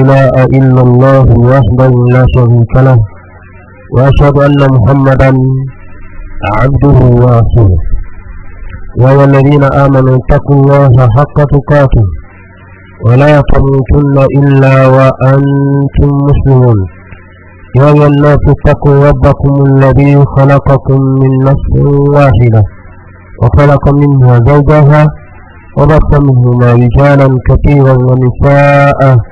إله إلا الله وحده لا شريك له وأشهد أن محمدا عبده ورسوله ويا الذين آمنوا اتقوا الله حق تقاته ولا تموتن إلا وأنتم مسلمون يا أيها الناس اتقوا ربكم الذي خلقكم من نفس واحدة وخلق منها زوجها وبث منهما رجالا كثيرا ونساء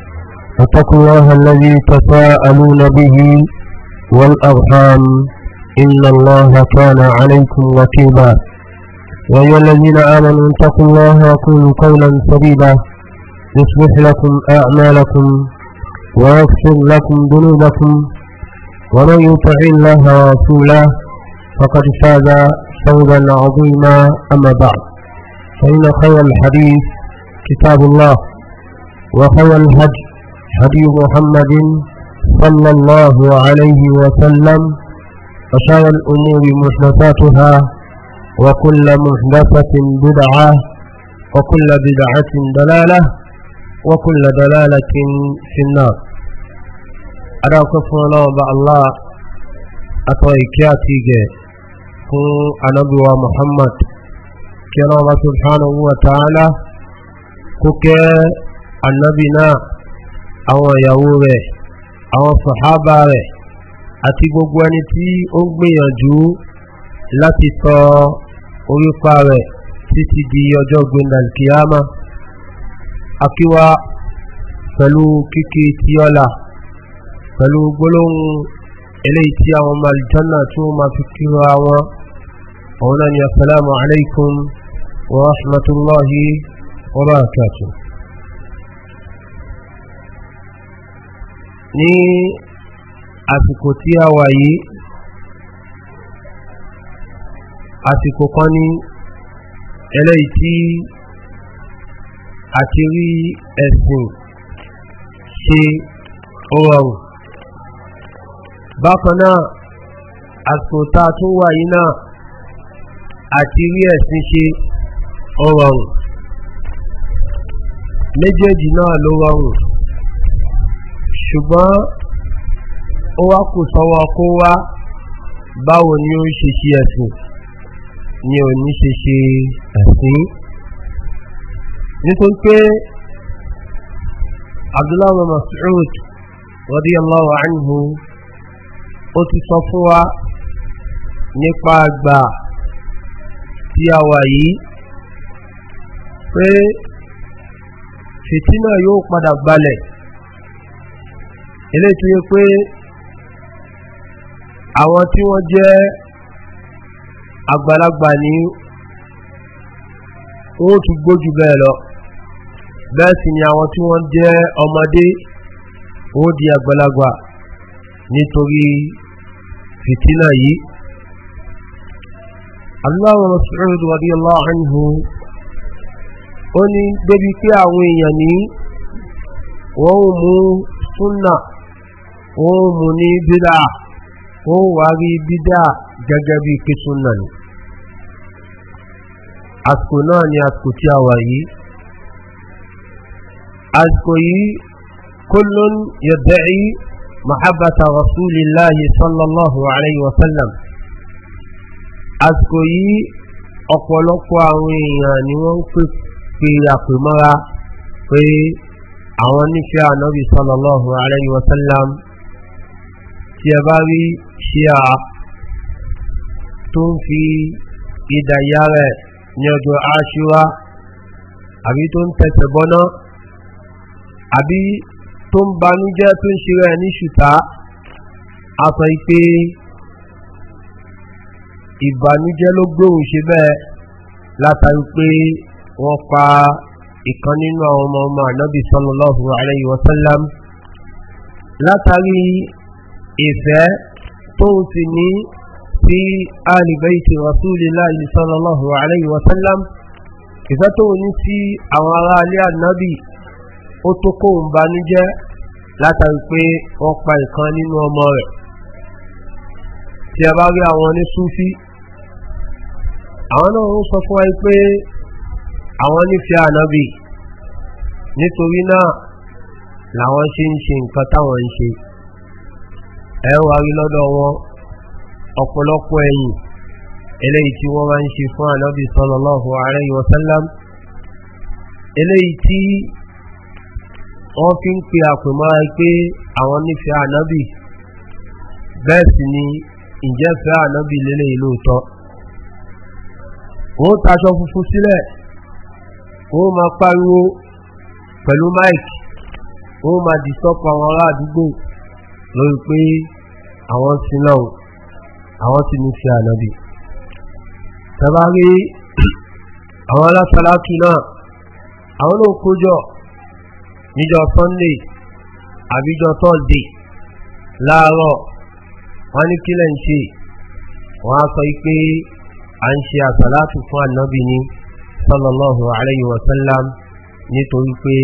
فاتقوا الله الذي تساءلون به والأرحام إن الله كان عليكم رقيبا ويا الذين آمنوا اتقوا الله وقولوا قولا سديدا يصلح لكم أعمالكم ويغفر لكم ذنوبكم ومن يطع الله ورسوله فقد فاز فوزا عظيما أما بعد فإن خير الحديث كتاب الله وخير الهدي هدي محمد صلى الله عليه وسلم وشر الأمور محدثاتها وكل محدثة بدعة وكل بدعة دلالة وكل دلالة في النار أنا كفر الله الله أتويكياتي fún محمد muhammad سبحانه وتعالى subhanahu النبي ta'ala àwọn ìyàwó rẹ̀ àwọn sàhábà rẹ̀ àti gbogbo ẹni tí ó ń gbìyànjú láti tọ orípa rẹ̀ títí di ọjọ́ gbìndàlkìyàmá akíwá pẹ̀lú kíkí tí ọlá pẹ̀lú gbólóhùn eléyìí tí àwọn ọmọ tí wọ́n máa fi kíra wọn ọ̀hún ni assalamu alaikum wa rahmatullahi wa barakatuh ní àsìkò tí a wà yìí àsìkò kan ní ẹlẹ́yìí tí a ti rí ẹ̀sìn ṣe ó rọrùn bákan náà àsìkò tá a tún wà yìí náà àti rí ẹ̀sìn ṣe ó méjèèjì náà ló rọrùn ṣùgbọ́n ó wá kù sọ́wọ́ kó wá báwo ni ó ṣe ṣe ẹ̀sìn ni ò ní ṣe ṣe ẹ̀sìn nítorí pé abdullahi masoud rọ́dí aláwọ̀ àìhù ó ti sọ fún wa nípa àgbà tí a wà yìí pé fìtínà yóò padà gbalẹ̀ eléyìí tó yẹ pé àwọn tí wọ́n jẹ́ àgbàlagbà ní ó tún gbójú bẹ́ẹ̀ lọ bẹ́ẹ̀ sì ni àwọn tí wọ́n jẹ́ ọmọdé ó di àgbàlagbà nítorí fìtínà yìí aláwọ̀ masu'ud wàdí aláhànhù ó ní débi pé àwọn èèyàn ní wọ́n mú súnnà ó mú ní bídá ó wà rí bídá gẹ́gẹ́ bí kíkún náà ni àsìkò náà ni àsìkò tí a wà yìí àsìkò yìí kullun yadda'i mahabbata rasulillahi sallallahu alayhi wa sallam àsìkò yìí ọ̀pọ̀lọpọ̀ àwọn èèyàn ni wọ́n ń pè pé àpèmọ́ra pé àwọn nífẹ̀ẹ́ ànábì sallallahu alayhi wa sallam tí ẹ bá rí ṣíà tó ń fi ìdà ìyá rẹ̀ ní ọjọ́ aṣíwá àbí tó ń tẹ̀sẹ̀ bọ́ná àbí tó ń banújẹ́ tó ń ṣe rẹ̀ ní ṣùtá a sọ pé ìbànújẹ́ ló gbóhùn ṣe bẹ́ẹ̀ látàrí pé wọ́n pa ìkan nínú àwọn ọmọ ọmọ ànábì sọ́lọ́lọ́hùn aláìwọ̀sálám látàrí ìfẹ́ tó ń sì ní sí alìbẹ̀ìtì rasulillahi sallallahu alayhi wa sallam ìfẹ́ tó ní sí àwọn ará alẹ́ ànábì ó tó kó ń banújẹ́ látàrí pé pa ìkan nínú ọmọ rẹ̀ tí a bá rí àwọn ní súfí àwọn náà ń sọ fún wa pé àwọn nífẹ̀ẹ́ ànábì nítorí náà làwọn ṣe ń ṣe nǹkan táwọn ẹwà rí lọ́dọ̀ wọn ọ̀pọ̀lọpọ̀ ẹ̀yìn eléyìí tí wọ́n máa ń ṣe fún ànábì sọ́lọ́lọ́hùn ààrẹ ìwọ̀sálám eléyìí tí wọ́n fi ń pe àpèmọ́ra pé àwọn nífẹ̀ẹ́ ànábì bẹ́ẹ̀ sì ni ìjẹ́fẹ́ ànábì lélẹ̀ ìlóòtọ́ wọ́n taṣọ funfun sílẹ̀ wọ́n máa pariwo pẹ̀lú mike wọ́n máa dìsọ́pọ̀ àwọn ará àdúgbò lórí pé àwọn ti náà àwọn ti ní sí ànábì tàbá rí àwọn alásàlátù náà àwọn ló kójọ níjọ sunday àbíjọ thursday láàárọ̀ wọ́n ní kílẹ̀ ń ṣe wọ́n á sọ pé a ń ṣe àsàlátù fún ànábì ní sallallahu alayhi wa nítorí pé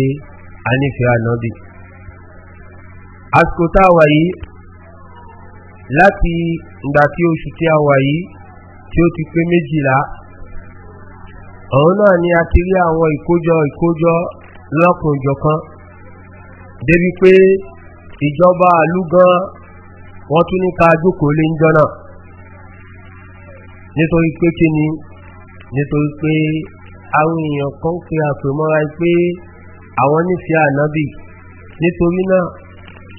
a nífẹ̀ẹ́ ànábì àsìkò tá a wà yìí láti ìgbà tí oṣù tí a wà yìí tí ó ti pé méjìlá ọ̀hún náà ni a ti rí àwọn ìkójọ ìkójọ lọ́kùnjọ̀kan débi pé ìjọba àlúgan wọ́n tún ní ká jókòó lé ń náà nítorí pé kí ni nítorí pé àwọn èèyàn kan kí a pè mọ́ra pé àwọn nífẹ̀ẹ́ ànábì nítorí náà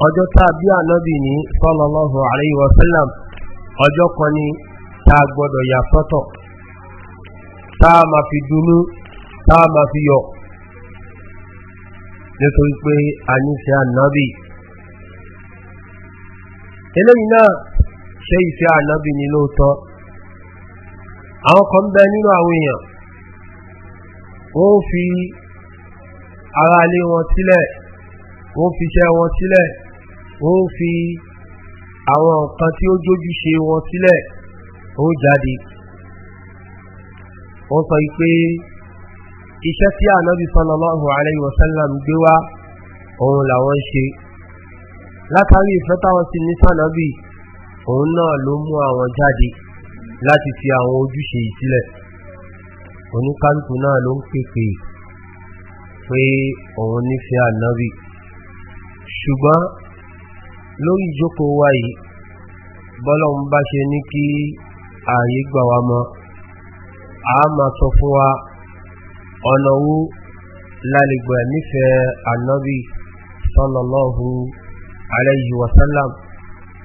ọjọ́ tá a bí ànábì ní sọ́lọ́lọ́hùn àríyí ọjọ́ kan ní tá a gbọ́dọ̀ yà sọ́tọ̀ tá a máa fi dunú tá a máa fi yọ̀ nítorí pé a ànábì eléyìí náà ṣe ìfẹ́ ànábì ní lóòótọ́ àwọn kan bẹ nínú àwọn èèyàn wọ́n fi wọn sílẹ̀ wọ́n fi wọn sílẹ̀ wọ́n fi àwọn nǹkan tí ó jójú ṣe wọn sílẹ̀ òun jáde wọ́n sọ pé iṣẹ́ tí ànábi sọ́lọ́lọ́hùn àlẹ́yìn wọ́sánlám gbé wá òun làwọn ń ṣe látàrí ìfẹ́ táwọn sí ní sànábì òun náà ló mú àwọn jáde láti fi àwọn ojúṣe ìsílẹ̀ oníkálùkù náà ló ń pèpè pé òun nífẹ̀ẹ́ ànábì ṣùgbọ́n lórí ìjókòó wa yìí bọ́lọ̀un bá ṣe ní kí ààyè gbà wa mọ́ a ma sọ fún wa ọ̀nà owó lálẹ́gbẹ̀ nífẹ̀ẹ́ ànábì sọ́lọ̀lọ́hu aláyí wasálàm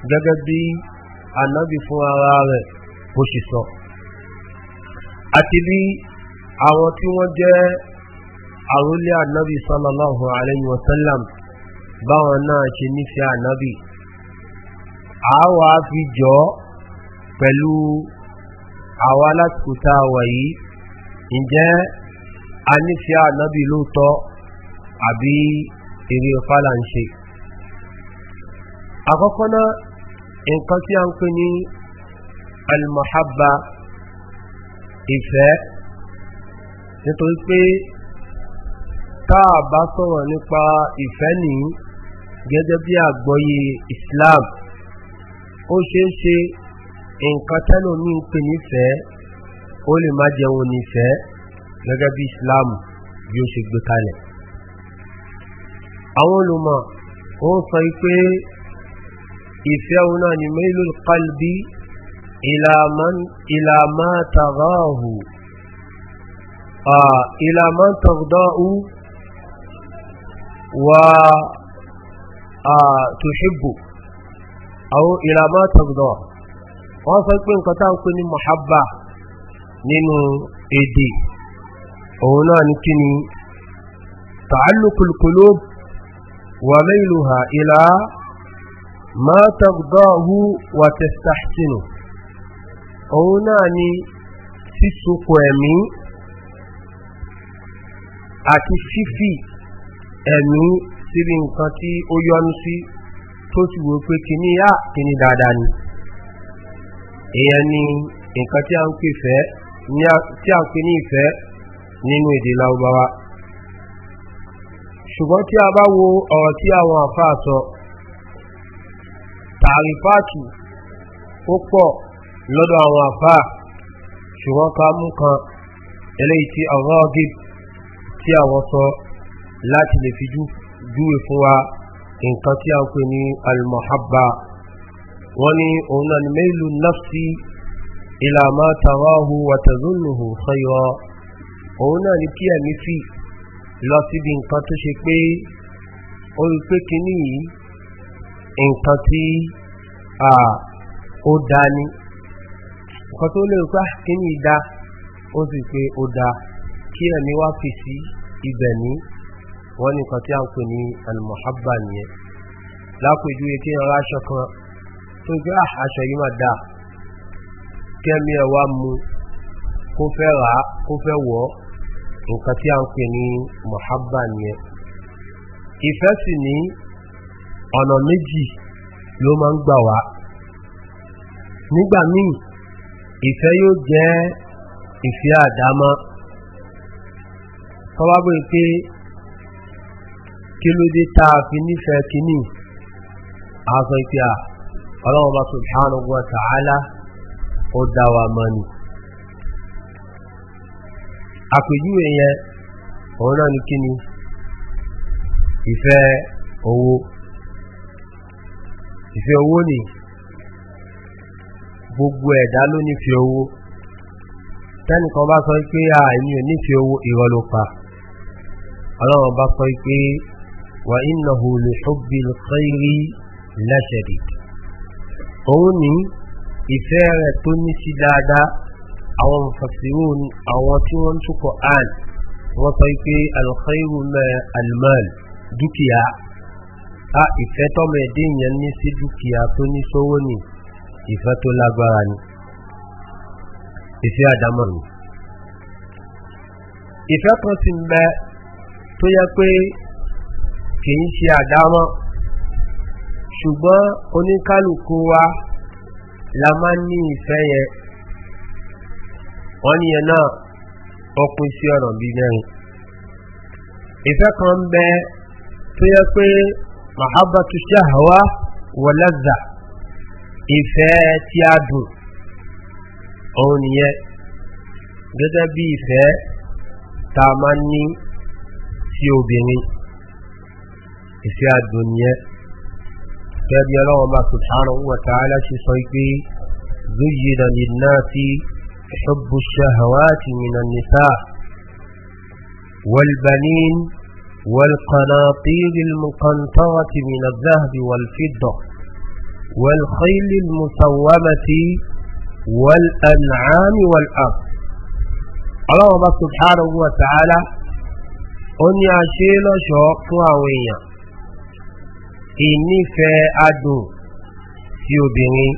gẹ́gẹ́ bí ànábì fún ara rẹ̀ bó ṣe sọ àti bí àwọn tí wọ́n jẹ́ àrólé ànábì sọ́lọ̀lọ́hu aláyí wasálàm báwọn náà ṣe nífẹ̀ẹ́ ànábì àwa fi jọ pẹ̀lú àwa lásìkò tá a wà yìí ǹjẹ́ a nífẹ̀ẹ́ ànábì lóòótọ́ àbí eré ọ̀fàlà ń ṣe. àkọ́kọ́ náà nǹkan tí a ń pè ní almahabba ìfẹ́ nítorí pé táà sọ̀rọ̀ nípa ìfẹ́ nìyí gẹ́gẹ́ bí àgbọ́yé islam ó ṣeé ṣe nǹkan tẹ́lò ní pè nífẹ́ ó lè má jẹun nífẹ́ gẹ́gẹ́ bí islam bí ó ṣe gbé kalẹ̀ àwọn olùmọ̀ ó ń sọ pé ìfẹ́ òun náà ni mélòó kalbi ìlàmá tàbáhù ìlàmá tòṣìbò àwọn ìlàmọ́ tọ̀gbọ̀ wọ́n sọ pé nǹkan tá ń pè ní mọ̀hábà nínú èdè òun náà ní kíni tààlùkùlùkùlù wà mẹ́lùhà ìlà máa tọ̀gbọ̀hù wà tẹ̀sàtìnù òun náà ní sísokò ẹ̀mí àti fífì ẹ̀mí síbi nǹkan tí ó yọnu sí si tó sì wo pé kíní yá kíní dáadáa ni èèyàn ni nǹkan tí a ń pè fẹ́ tí a ń pè ní ìfẹ́ nínú èdè láwùbáwá ṣùgbọ́n tí a bá wo ọ̀rọ̀ tí àwọn àfáà sọ tààrífàtù ó pọ̀ lọ́dọ̀ àwọn àfáà ṣùgbọ́n ká mú kan eléyìí tí àwọn ọgib tí àwọn sọ láti lè fi júwe fún wa nǹkan tí a ń pè ní almuhabba wọ́n ní òun náà ni mẹ́lù náfsí ìlàmá tàwáhù wàtàzónùhù fẹ́yọ òun náà ni kí ẹ̀mí fi lọ síbi nǹkan tó ṣe pé ó rí pé kìíní yìí nǹkan tí ó dá ní nǹkan tó lè pé ah, kìíní dá ó sì pé ó dá kí ẹ̀mí wá fi sí ibẹ̀ ní wọ́n ní kan tí a ń pè ní almuhabba nìyẹn lápèjúwe kí ọ̀rọ̀ aṣọ kan tó gbé ah, aṣọ yìí máa dáa kẹ́mi ẹ̀ wá mu kó fẹ́ rà á kó fẹ́ wọ̀ nǹkan tí a ń pè ní muhabba nìyẹn ìfẹ́ sì ní ọ̀nà méjì ló máa ń gbà wá nígbà míì ìfẹ́ yóò jẹ́ ìfẹ́ àdámọ́ tọ́wábọ̀ pé kí ló dé tá a fi nífẹ̀ẹ́ kínní àásọ ìpé à ọlọ́run bá subhanahu wa ta'ala ó dá wa ni àpèjúwe yẹn òun náà ni kínní ìfẹ́ owó ìfẹ́ owó ni gbogbo ẹ̀dá ló nífẹ́ owó tẹ́nìkan bá sọ pé àìní ò nífẹ́ owó ìrọlùpa ọlọ́run sọ pé وإنه لحب الخير لشديد أوني إفارة تونسي دادا أو المفسرون أو تون قرآن وطيب الخير ما المال دكيا a ìfẹ́ tọ́mọ ẹ̀dẹ́ ìyẹn ní sí dúkìá tó ní sówó ní ìfẹ́ tó lágbára ní ìfẹ́ àdámọ̀ ní ìfẹ́ kan sì ń bẹ tó yẹ pé kìí ṣe àdámọ́ ṣùgbọ́n oníkálùkù wa la máa ní ìfẹ́ yẹn wọ́n ní yẹn náà ọkùn sí ọ̀nà bí mẹ́rin ìfẹ́ kan bẹ tó yẹ pé mahabbatu ṣahawa wọlẹ́zà ìfẹ́ tí a dùn òun nìyẹn gẹ́gẹ́ bí ìfẹ́ ta máa ní sí obìnrin ìfẹ́ الدنيا gẹ́gẹ́ ọlọ́wọ́ bá سبحانه وتعالى tààlá ṣe زين للناس حب الشهوات من النساء والبنين والقناطير المقنطرة من الذهب والفضة والخيل المسومة والأنعام والأرض الله سبحانه وتعالى أن يعشي شوق وعوية ìnífẹ́ adùn sí obìnrin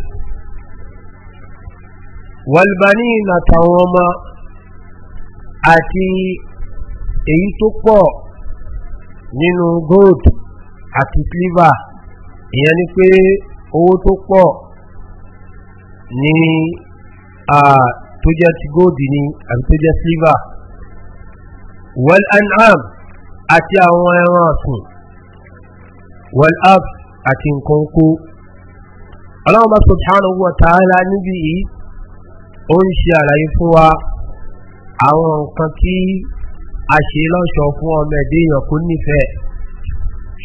wàlbàní nàtàwọn ọmọ àti èyí tó pọ̀ nínú gold àti silver ìyẹn ni pé owó tó pọ̀ ní tó ti gold ni àti tó jẹ́ silver well and arm àti àwọn ẹran ọ̀sìn wal af àti nǹkan kó ọlọ́run bá subhanahu wa ta'ala níbi yìí ó ń ṣe àlàyé fún wa àwọn nǹkan tí a ṣe lọ́ṣọ̀ọ́ fún ọmọ ẹ̀dẹ́ èèyàn kó nífẹ̀ẹ́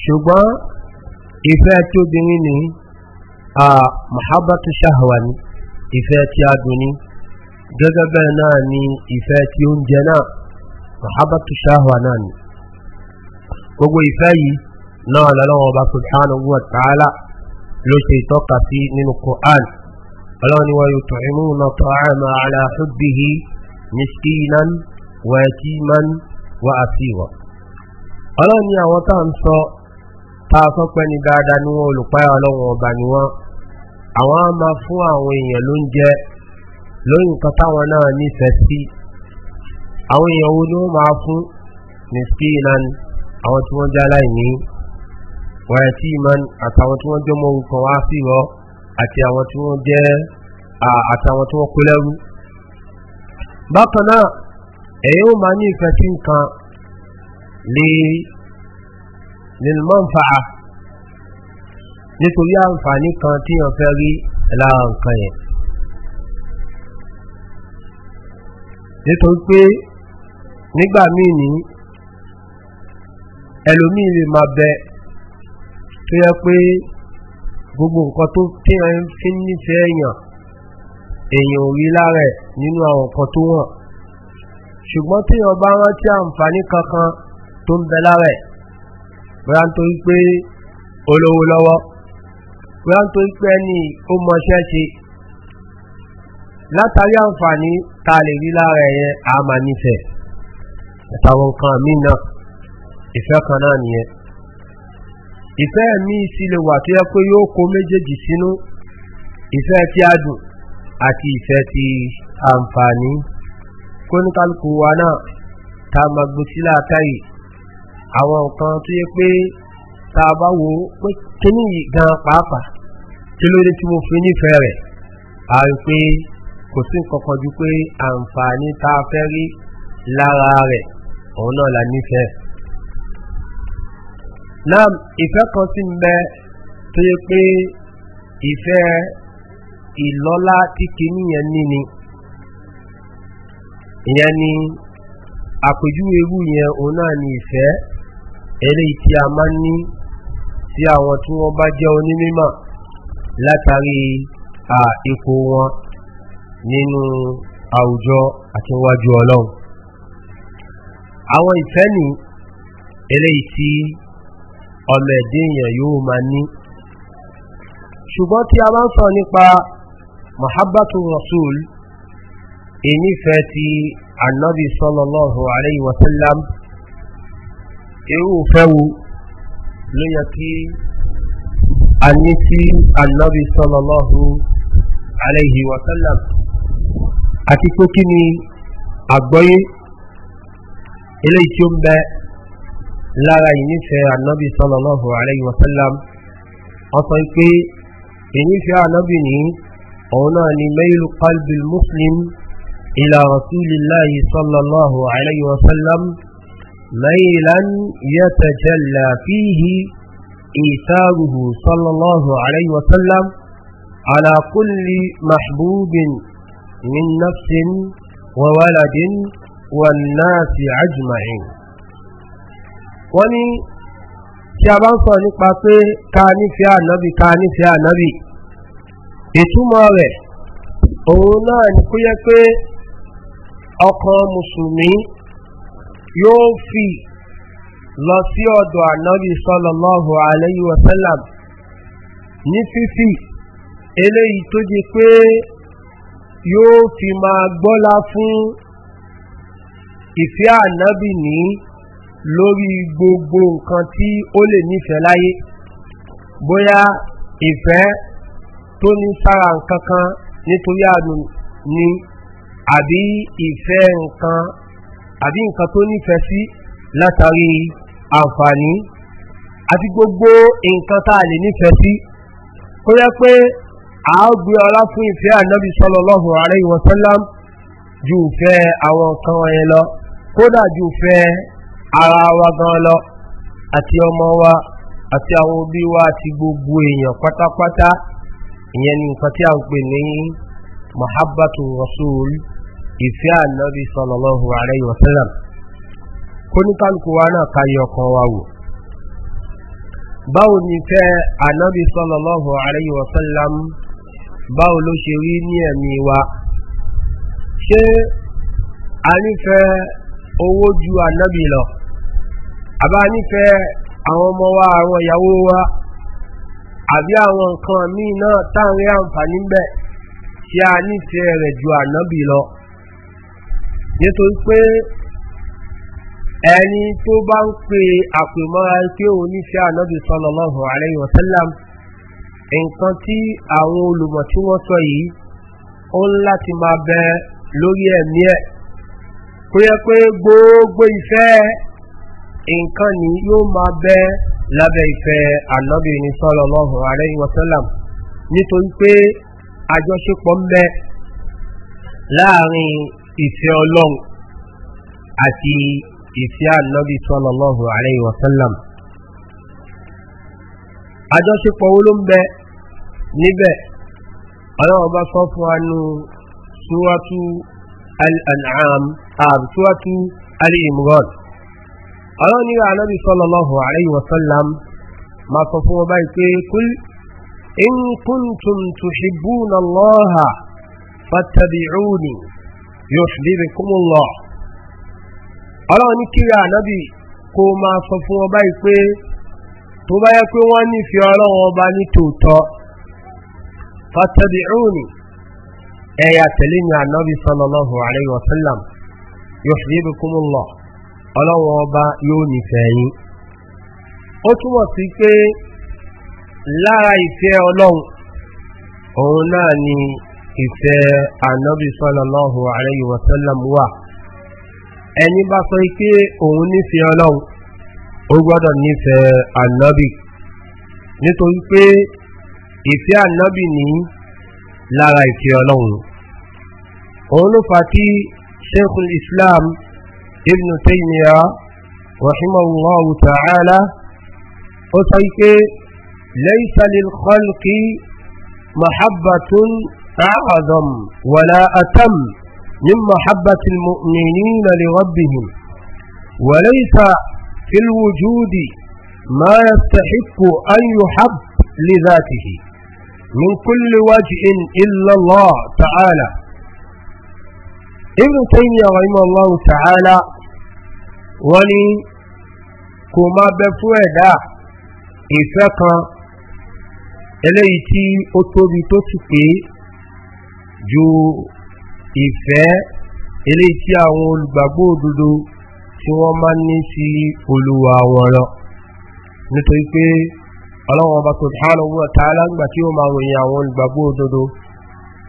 ṣùgbọ́n ìfẹ́ tí obìnrin ní a mahabbatu shahwa ni ìfẹ́ tí a dùn ní gẹ́gẹ́ bẹ́ẹ̀ náà ni ìfẹ́ tí oúnjẹ náà mahabbatu shahwa náà ni gbogbo ìfẹ́ yìí náà lọ́wọ́ ọba subhanahu wa ta'ala ló ṣe ìtọ́ka sí nínú quran ọlọ́run ni wọ́n yóò tọ̀ inú náà tọ́ àmà aláhùbìhì miskinan wa yatiman wa asiwa ọlọ́run ni àwọn tá à ń sọ tá a sọ pé ní dáadáa ni wọ́n olùpáyà ọlọ́run ọba ni wọ́n àwọn tí wọ́n jẹ́ aláìní wọ́n tí ìmọ̀n àtàwọn tí wọ́n jọmọ́ orúkan wá sí rọ àti àwọn tí wọ́n jẹ́ àtàwọn tí wọ́n kó lẹ́rú bákan náà èyí ó máa ní ìfẹ́ sí nǹkan lè nílmọ́nfà nítorí àǹfààní kan tí wọ́n fẹ́ rí lára nǹkan yẹn nítorí pé nígbà míì ní ẹlòmíì lè máa bẹ tó yẹ pé gbogbo nǹkan tó tíyàn ń fi nífẹ̀ẹ́ èèyàn èèyàn ò rí lára ẹ̀ nínú àwọn nǹkan tó wọ̀n ṣùgbọ́n tíyàn bá rántí àǹfààní kankan tó ń bẹ lára ẹ̀ bóyá nítorí pé olówó lọ́wọ́ bóyá nítorí pé ẹni ó mọṣẹ́ ṣe látàrí àǹfààní ta lè rí lára ẹ̀yẹ àmà nífẹ̀ẹ́ àtàwọn nǹkan mí náà ìfẹ́ kan náà nìyẹn ìfẹ́ mi ìsílẹ̀ wà tó yẹ pé yóò kó méjèèjì sínú ìfẹ́ tí a dùn àti ìfẹ́ ti àǹfààní kóníkálùkù wa náà ta ma gbé sí látàrí àwọn nǹkan tó yẹ pé ta bá wo pé kíní yìí gan pàápàá kí ló dé tí mo fi nífẹ̀ẹ́ rẹ̀ a rí pé kò sí kankan ju pé àǹfààní ta fẹ́ rí lára rẹ̀ òun náà la nífẹ̀ẹ́ náà ìfẹ́ kan sí ń bẹ tó yẹ pé ìfẹ́ ìlọ́lá tí kìíní yẹn ní ni ìyẹn ni àpèjúwe irú yẹn òun náà ni ìfẹ́ eléyìí tí a máa ń ní sí àwọn tí wọ́n bá jẹ́ onímímọ̀ látàrí ipò wọn nínú àwùjọ àti wájú ọlọ́run àwọn ìfẹ́ ni eléyìí tí ọmọ ẹ̀dínyàn yóò ma ní ṣùgbọ́n tí a bá ń sọ nípa mahabbatu rasul ìnífẹ́ ti annabi sallallahu alayhi wa sallam irúfẹ́wu ló yẹ kí a ní sí annabi sallallahu alayhi wa àti pé kí ni àgbọ́yé eléyìí tí ó ń bẹ́ẹ̀ lára ìnífẹ́ ànábì sọ́lọ́lọ́hù aláyí wàsálàm ọ̀sọ̀ pé ìnífẹ́ ànábì ní òun náà ni ohun naa ni melu qalbi muslim ilá rasulillahi sọ́lọ́lọ́hù aláyí wàsálàm mẹ́lán yẹ́tẹ̀jẹ́lá fíhì ìsáàrùhù sọ́lọ́lọ́hù aláyí wàsálàm على كل محبوب من نفس وولد والناس أجمعين wọ́n ní tí a bá ń sọ nípa pé ká nífẹ̀ẹ́ ànábì ká nífẹ̀ẹ́ ànábì ìtumọ̀ rẹ̀ òun náà ni kó yẹ pé ọkàn mùsùlùmí yóò fi lọ sí ọ̀dọ̀ ànábì sọlọ́lọ́hùn aláyí wasalam ní fífi eléyìí tó di pé yóò fi máa gbọ́lá fún ìfẹ́ ànábì ní lórí gbogbo nǹkan tí ó lè nífẹ̀ẹ́ láyé bóyá ìfẹ́ tó ní sára nǹkan kan nítorí àdùn ni àbí ìfẹ́ nǹkan àbí nǹkan tó nífẹ̀ẹ́ sí látàrí àǹfààní àti gbogbo nǹkan tá a lè nífẹ̀ẹ́ sí kó yẹ pé a gbé ọlá fún ìfẹ́ ànábì sọlọ́lọ́hùn ààrẹ ìwọ̀sánlám ju ìfẹ́ àwọn nǹkan wọ̀nyẹn lọ kódà ju ìfẹ́ ara wa gan lọ àti ọmọ wa àti àwọn òbí wa àti gbogbo èèyàn pátápátá ìyẹn ni nǹkan tí a ń pè ní mahabbatu rasul ìfẹ́ ànábi sọlọ́lọ́hu ààrẹ yọ̀sẹ́lẹ̀ kóníkàlùkù wa náà ka wa wò báwo ni fẹ́ ànábi sọlọ́lọ́hu ààrẹ yọ̀sẹ́lẹ̀ báwo ló ṣe rí ní wa ṣé a nífẹ̀ẹ́ owó ju ànábi lọ. àbá nífẹ̀ẹ́ àwọn ọmọ wa àwọn ìyàwó wa àbí àwọn nǹkan míì náà táàrí àǹfààní bẹ̀ tí a nífẹ̀ẹ́ rẹ̀ ju ànábì lọ nítorí pé ẹni tó bá ń pe àpèmọ́ra pé òun nífẹ̀ẹ́ ànábì sọlọ́lọ́hùn àlẹ́yìn ọ̀sẹ́lá nǹkan tí àwọn olùmọ̀ tí wọ́n sọ yìí ó ń láti máa bẹ lórí ẹ̀mí ẹ̀ kó yẹ pé gbogbo ìfẹ́ nǹkan ni yóò máa bẹ́ lábẹ́ ìfẹ́ ànábì ní sọ́lọ́lọ́hùn ààrẹ ìwọ̀sọ́làm nítorí pé àjọṣepọ̀ ń bẹ láàrin ìfẹ́ ọlọ́run àti ìfẹ́ ànábì sọ́lọ́lọ́hùn ààrẹ ìwọ̀sọ́làm àjọṣepọ̀ wo ló ń bẹ níbẹ̀ ọlọ́run bá sọ fún wa nu súwátú al-an'am àbí àwọn oníwà anábì sọ́lọ́lọ́hù àríyí wasallam ma sọ fún ọba ìpé kúl in kuntum tuhibbuna allaha fattabi'uni yuhibbukumullah ọlọ́run ní kíra anábì kó ma sọ fún ọba ìpé tó bá yẹ pé wọ́n nífẹ̀ẹ́ ọlọ́run ọba ní tòótọ́ fattabi'uni ẹ̀yà tẹ̀lé ní anábì sọ́lọ́lọ́hù àríyí wasallam yuhibbukumullah ọlọ́wọ́ ọba yóò nífẹ̀ẹ́ yìí ó túnmọ̀ sí pé lára ìfẹ́ ọlọ́run òun náà ni ìfẹ́ ànábì sọ́lọ́lọ́hùn àrẹ́yìn wọ̀sẹ́lẹ̀mù wà ẹni bá sọ pé òun nífẹ́ ọlọ́run ó gbọ́dọ̀ nífẹ́ ànábì nítorí pé ìfẹ́ ànábì ní lára ìfẹ́ ọlọ́run òun ló fa islam ابن تيمية رحمه الله تعالى وصيك ليس للخلق محبة أعظم ولا أتم من محبة المؤمنين لربهم وليس في الوجود ما يستحق أن يحب لذاته من كل وجه إلا الله تعالى ibn taymiyyah rahimahullahu ta'ala wọ́n ní kò máa bẹ fún ẹ̀dá ìfẹ́ kan eléyìí tí ó tóbi tó ti pé ju ìfẹ́ eléyìí tí àwọn olùgbàgbọ́ òdodo tí wọ́n máa ní sí olúwa wọn lọ nítorí pé ọlọ́wọ́n ọba subhanahu wa ta'ala ń ó máa ròyìn àwọn olùgbàgbọ́ òdodo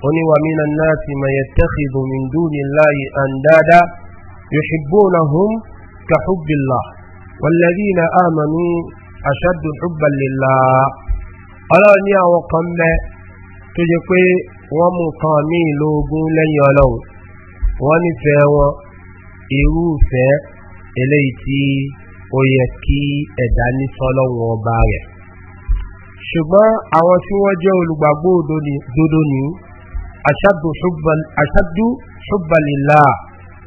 oni wa mina nasi man yattakhidhu min dunillahi andada yuhibbunahum ka hubbillah walladhina amanu ashaddu hubban lillah ọlọ́run ní àwọn kan mẹ́ tó jẹ pé wọ́n mú kan ní ìlú ogun lẹ́yìn ọlọ́run wọ́n nífẹ̀ẹ́ wọn irúfẹ́ eléyìí tí ó yẹ kí ẹ̀dá ní sọ́lọ́run ọba rẹ̀ ṣùgbọ́n àwọn tí wọ́n jẹ́ olùgbàgbó òdodo ni aṣáàdù ṣùgbàlélà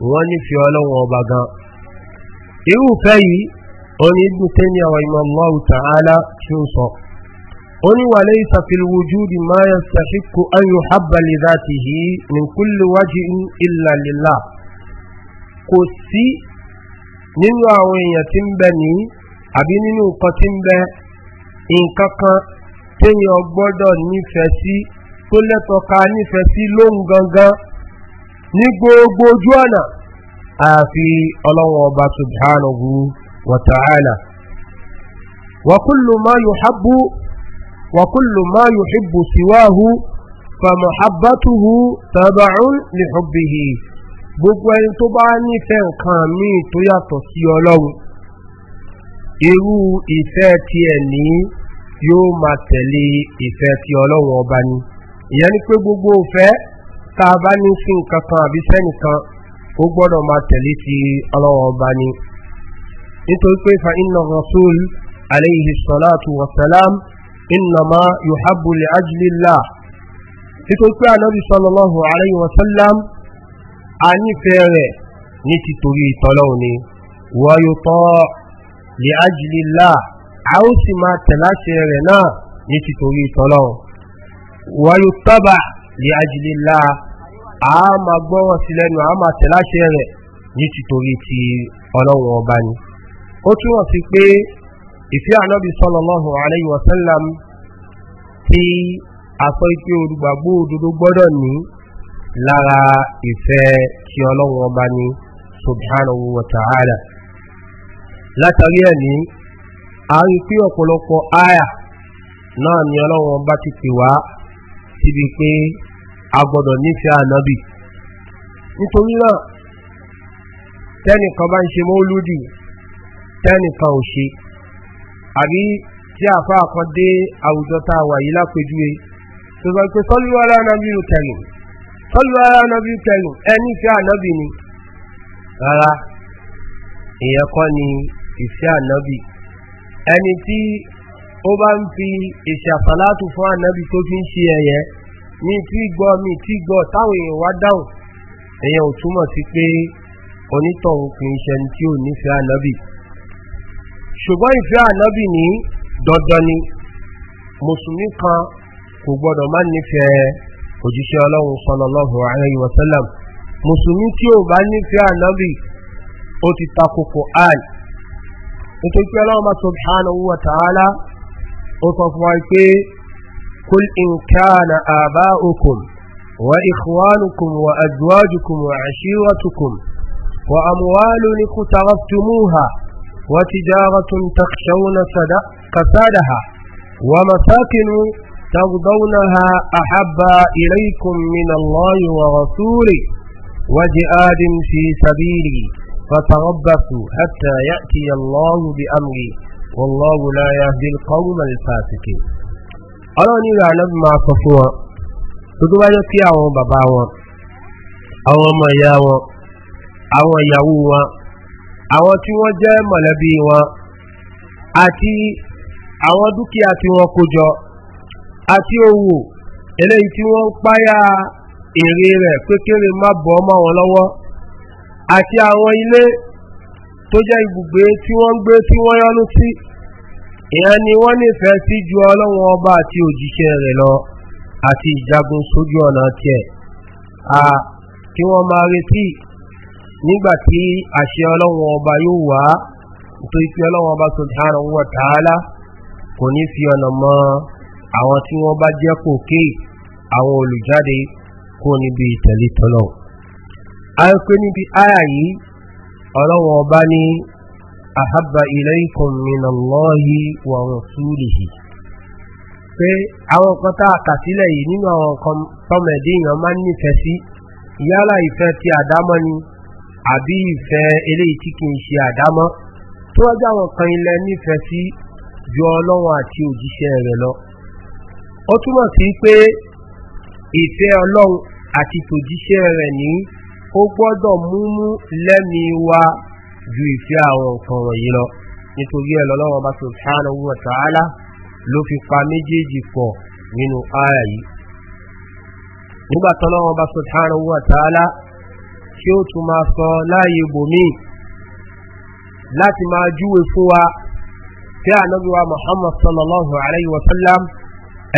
wọ́n ní fi ọlọ́wọ́ ọba gan irúfẹ́ yìí oní ibùn tẹ́ni àwọn ìmọ̀lọ́wù tààlá tí ó sọ ó ní wà lẹ́yìn sàfihànwójú di máa ṣàṣíkò ayò hábàlì láti yìí ní kúlù wájú ìlàlélà kò sí nínú àwọn èèyàn tí ń bẹ ní àbí nínú nǹkan tí ń bẹ nǹkan kan téèyàn gbọ́dọ̀ nífẹ̀ẹ́ sí tó lẹ́tọ̀ ka nífẹ̀ẹ́ sí lóhun gangan ní gbogbo ojú ọ̀nà àfi ọlọ́wọ́ ọba subhanahu wa ta'ala وكل ما يحب سواه فمحبته تبع لحبه gbogbo ẹni tó bá nífẹ̀ẹ́ nǹkan míì tó yàtọ̀ sí ọlọ́run irú ìfẹ́ tí ní yóò máa tẹ̀lé ìfẹ́ tí ọlọ́run ọba ni ìyẹn ni pé gbogbo òfẹ́ tá a bá ní sí nǹkan kan àbí sẹ́nìkan ó gbọ́dọ̀ máa tẹ̀lé ti ọlọ́wọ́ ọba ni nítorí pé fa iná rasul aléyìí sọ́láàtù wasalam iná ma yuhabu lè ajílélà nítorí pé anábì sọ́lọ́lọ́hù aléyìí wasalam a nífẹ̀ẹ́ rẹ̀ ní títorí ìtọ́lọ́hù ni wọ́yọ̀tọ́ lè ajílélà a ó sì máa tẹ̀láṣẹ rẹ̀ náà ní títorí ìtọ́lọ́hù wáyé tábà lè ajílélá a máa gbọ́rọ̀ sí lẹ́nu a máa tẹ̀láṣẹ rẹ̀ ní títorí ti ọlọ́run ọba ni ó túnmọ̀ sí pé ìfẹ́ ànábì sọ́lọ́lọ́hùn aláyé tí àsọ si olùgbàgbó òdodo gbọ́dọ̀ ní lára ìfẹ́ ti ọlọ́run ọba ni subhanahu wa ta'ala látàrí ẹ̀ ní a rí pé ọ̀pọ̀lọpọ̀ náà ni ọlọ́run ọba ti pè síbi pé a gbọ́dọ̀ nífẹ̀ẹ́ ànábì nítorí náà tẹ́nìkan bá ń ṣe mọ́lúdì tẹ́nìkan ò ṣe àbí tí àfá kan dé àwùjọ tá a wà yìí lápẹjúwe tó sọ pé sọ́lúwárá ànábì ń tẹ̀lù sọ́lúwárá ànábì ń tẹ̀lù ẹni fẹ́ ànábì ni rárá èèyàn kọ́ ni ìfẹ́ ànábì ẹni tí ó bá ń fi èsì àsàlátù fún ànábì tó fi ń ṣe ẹ̀yẹ ní tí gbọ́ mi tí gbọ́ táwọn èèyàn wá dáhùn èèyàn ò túmọ̀ sí pé onítọ̀hún kì í ṣẹni tí ò nífẹ̀ẹ́ ànábì ṣùgbọ́n ìfẹ́ ànábì ní dandan ni mùsùlùmí kan kò gbọ́dọ̀ má nífẹ̀ẹ́ òjíṣẹ́ ọlọ́run sọlọ́lọ́hùn àárín ìwọ̀sẹ́lẹ̀m mùsùlùmí tí ò bá nífẹ̀ẹ́ ànábì ó ti takoko àì nítorí pé ọlọ́run bá sọ bìhánà owó وتفواكي كل إن كان آباؤكم وإخوانكم وأزواجكم وعشيرتكم وأموال اقترفتموها وتجارة تخشون فسادها ومساكن تغضونها أحب إليكم من الله ورسوله وجئاد في سبيله فتربصوا حتى يأتي الله بأمره wọ́lọ́wù láyá bí kọ́wùmọ̀ ìfàsìkè ọlọ́ni rà náà máa sọ fún wọn tó tó bá jẹ́ kí àwọn bàbá wọn àwọn ọmọ ìyá wọn àwọn ìyàwó wọn àwọn tí wọ́n jẹ́ mọ̀lẹ́bí wọn àti àwọn dúkìá tí wọ́n kójọ àti owó eléyìí tí wọ́n páyà èrè rẹ̀ pékéré má bọ́ mọ́ wọn lọ́wọ́ àti àwọn ilé tó jẹ́ ibùgbé tí wọ́n ń gbé tí wọ́n yọ́nú sí ìyẹn ni wọ́n nífẹ̀ẹ́ sí ju ọlọ́wọ́n ọba àti òjíṣẹ́ rẹ̀ lọ àti ìjagun sójú ọ̀nà tiẹ̀ a tí wọ́n máa retí nígbàtí àṣẹ ọlọ́wọ́n ọba yóò wá tó ipi ọlọ́wọ́n ọba sọ̀tàn wọ̀ tààlà kò ní fi ọ̀nà mọ́ àwọn tí wọ́n bá jẹ́ kòkè àwọn olùjáde kó níbi ìtẹ̀lé tọ́lọ̀ àìpé níbi áyà yìí ọlọ́wọ́ bá ní àhábà iléikùn minallọ́hí wà rọ̀súlìhì pé àwọn nǹkan tá a kà sílẹ̀ yìí nínú àwọn nǹkan tọ́mẹ̀dé èèyàn máa ń nífẹ̀ẹ́ sí yálà ìfẹ́ ti àdámọ́ ni àbí ìfẹ́ eléyìí tí kì ṣe àdámọ́ tó wájú àwọn kan ilẹ̀ nífẹ̀ẹ́ sí ju ọlọ́wọ́n àti òjíṣẹ́ rẹ̀ lọ ó túmọ̀ sí pé ìfẹ́ ọlọ́run àti tòjíṣẹ́ rẹ̀ ní ó gbọ́dọ̀ múmú lẹ́mi wa ju ìfẹ́ àwọn nǹkan wọ̀nyí lọ nítorí ẹ̀ lọ́lọ́wọ́ bá tó owó ọ̀tàálá ló fi pa méjèèjì pọ̀ nínú ara yìí nígbàtọ́lọ́wọ́ bá tó sáàrà owó ọ̀tàálá tí ó tún máa sọ láàyè bòmí láti máa júwe fún wa tí muhammad sallallahu alayhi wa sallam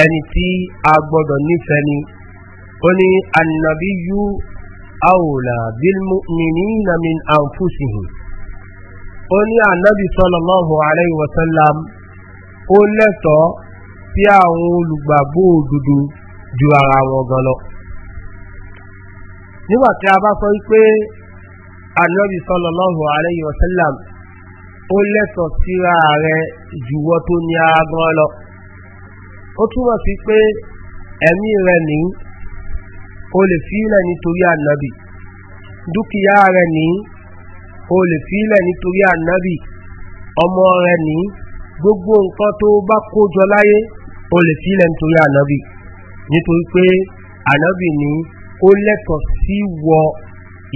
ẹni tí a nífẹ̀ẹ́ ni ó ní aula bilmu'minina min anfusihim ó ní ànábì sallallahu alayhi wa sallam ó lẹ́tọ̀ọ́ sí àwọn olùgbàgbọ́ òdodo ju ara wọn gan lọ nígbà tí a bá sọ wípé ànábì sallallahu alayhi wa sallam ó lẹ́tọ̀ọ́ síra rẹ̀ jùwọ́ tó ní ara gan lọ ó túmọ̀ sí pé ẹ̀mí rẹ̀ nìyí o lè fílẹ̀ nítorí ànábì dúkìá rẹ̀ ní o lè fílẹ̀ nítorí ànábì ọmọ rẹ̀ ní gbogbo nǹkan tó bá kójọ láyé o lè fílẹ̀ nítorí ànábì nítorí pé ànábì ní ó lẹ́tọ̀ sí wọ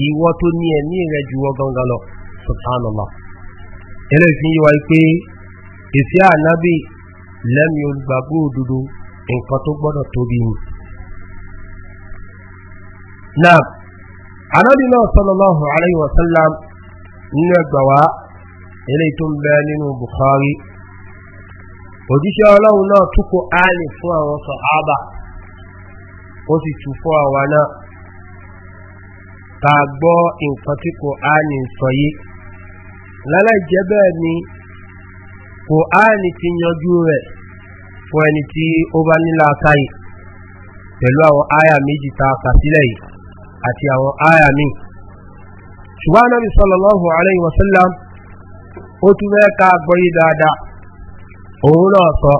ìwọ tó ní ẹ̀mí rẹ̀ jù gangan lọ sọ̀tánàlá eléyìí fi wa yíwa pé ìfẹ́ ànábì lẹ́mìí olùgbàgbọ́ òdodo nǹkan tó gbọ́dọ̀ tóbi ni. na anabi náà sallallahu alayhi wa sallam nínú ẹgbà wá eléyìí tó ń bẹ nínú bukhari òjíṣẹ́ ọlọ́run náà túkò áàlì fún àwọn sọ̀hábà ó sì tù fún àwa náà ta gbọ́ nǹkan tí kò áàlì ń sọ ni kò áàlì ti yanjú rẹ̀ fún ẹni tí ó bá aka pẹ̀lú àwọn méjì sílẹ̀ yìí àti àwọn aya mi ṣùgbọ́n anábì otu alayhi wa sallam ó tún fẹ́ ká gbọ́yí dáadáa òun náà sọ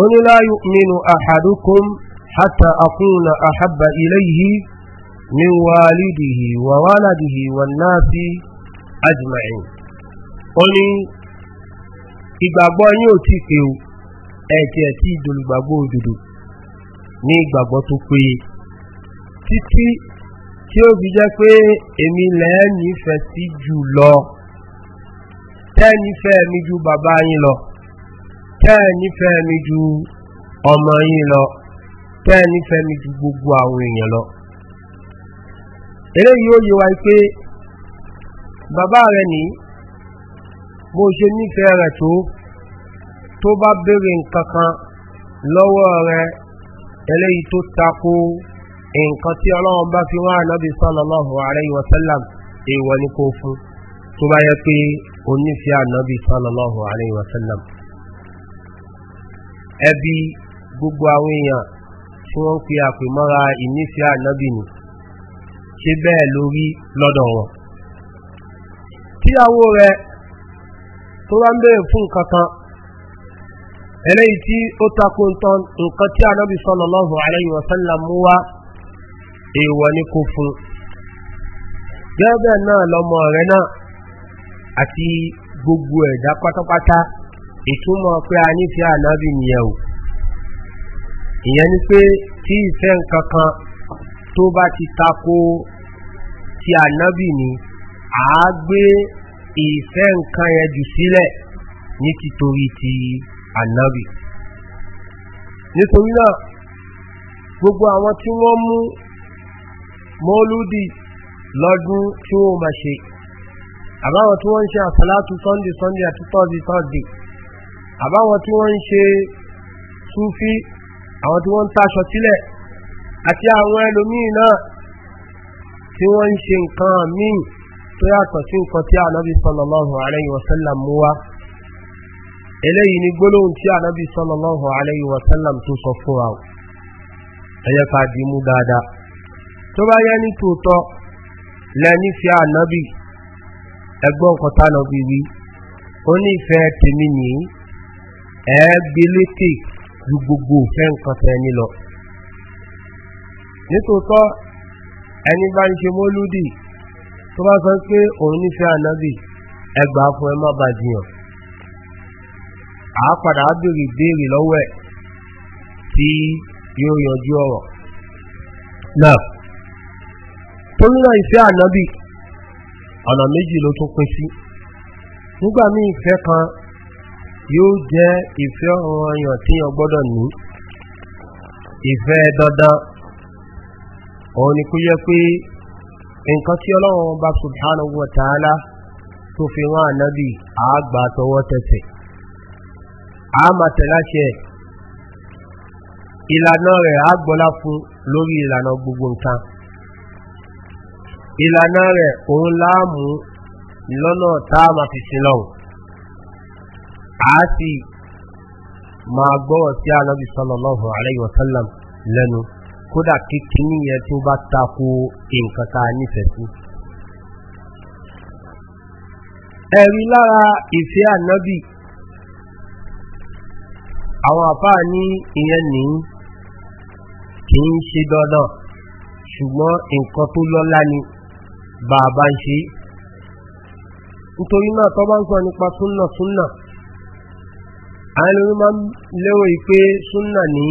oníláyù mínú àhàdùkún hàtà àkúnnà àhàbà iléyìí min wàlídìhì wà wàládìhì wà náà sí ajma'in ó ní ìgbàgbọ́ yóò ti pè eti ẹ̀jẹ̀ tí ìdòlùgbàgbọ́ òdòdó ní ìgbàgbọ́ tó péye tí ó fi jẹ́ pé èmi lẹ́ nífẹ̀ẹ́ sí jù lọ tẹ́ nífẹ̀ẹ́ mi ju bàbá yín lọ tẹ́ nífẹ̀ẹ́ mi ju ọmọ yín lọ tẹ́ nífẹ̀ẹ́ mi ju gbogbo àwọn èèyàn lọ eléyìí ó yẹ wa pé bàbá rẹ ní bó ṣe nífẹ̀ẹ́ rẹ̀ tó tó bá béèrè nǹkan kan lọ́wọ́ rẹ eléyìí tó tako nǹkan tí ọlọ́run bá fi wọ́n ànábì sọ́lọ́lọ́hù ààrẹ ìwọ̀sẹ́làm èèwọ̀ ní kó fún tó bá yẹ pé onífẹ́ ànábì sọ́lọ́lọ́hù ẹbí gbogbo àwọn èèyàn tí wọ́n pe àpèmọ́ra ìnífẹ́ ànábì ni bẹ́ẹ̀ lórí rẹ tó bá ń fún nǹkan kan eléyìí tí ó nǹkan tí èèwọ̀ ní kó fún gẹ́gẹ́ náà lọmọ rẹ̀ náà àti gbogbo ẹ̀dá pátápátá ìtúmọ̀ pé a nífẹ́ ànábì nìyẹ̀wò ìyẹn ni pé tí ìfẹ́ nkankan tó bá ti tako ti ànábì ni a gbé ìfẹ́ nkan yẹn jù sílẹ̀ ní títorí ti ànábì nítorí náà gbogbo àwọn tí wọ́n mú mọ́lúdì lọ́dún tí wọ́n máa ṣe àbáwọn tí wọ́n ń ṣe àsàlátù sunday sunday àti thursday thursday àbáwọn tí wọ́n ń ṣe súfí àwọn tí wọ́n ń taṣọ sílẹ̀ àti àwọn ẹlòmíì náà tí wọ́n ń ṣe nǹkan míì tó yàtọ̀ sí nǹkan tí ànábì sọlọ́lọ́hù aláyé wasálàm mú wá eléyìí ni gbólóhùn tí ànábì sọlọ́lọ́hù aláyé wasálàm tó sọ fún wa ẹ̀yẹ́ ká dì dáadáa tó bá yẹ ní tòótọ́ lẹ́ni fi ànábì ẹgbọ́n nǹkan tánà wíwí ó ní ìfẹ́ tèmi ní ẹ̀ẹ́gbélékè ju gbogbo òfẹ́ nǹkan tẹ́ni lọ nítòótọ́ ẹni bá ń ṣe mólúdì tó bá sọ pé òun nífẹ́ ànábì ẹgbà fún ẹmọ́ bá jiyàn àápadà á bèèrè ìbéèrè lọ́wọ́ ẹ̀ tí yóò yanjú ọ̀rọ̀ náà torí na ìfẹ́ ànábì ọ̀nà méjì ló tún pín sí ife mí ìfẹ́ kan yóò jẹ́ ìfẹ́ ọ̀ranyàn tí yàn gbọ́dọ̀ ní ìfẹ́ dandan òun ni kó yẹ pé nǹkan tí ọlọ́run bá subhana wa ta'ala tó fi wọn ànábì àágbà tọwọ́ tẹsẹ̀ àmà ìlànà rẹ̀ àgbọ́lá fún lórí ìlànà gbogbo nǹkan ìlànà rẹ̀ òun láàmú lọ́nà táàmà fi sin lọ́wọ́ a sì máa gbọ́rọ̀ sí anábì sọlọ́lọ́hùn àlẹ́yìn wasallam lẹ́nu kódà kíkíní yẹn tó bá tako nǹkan ká nífẹ̀ẹ́ sí ẹ̀rí lára ìfẹ́ ànábì àwọn àfáà ní ìyẹn ní kìí ṣe dandan ṣùgbọ́n nǹkan tó lọ́lá ni bá a bá ń ṣe nítorí náà tó bá ń sọ nípa súnà súnà àwọn ẹni máa ń lérò pé súnà ní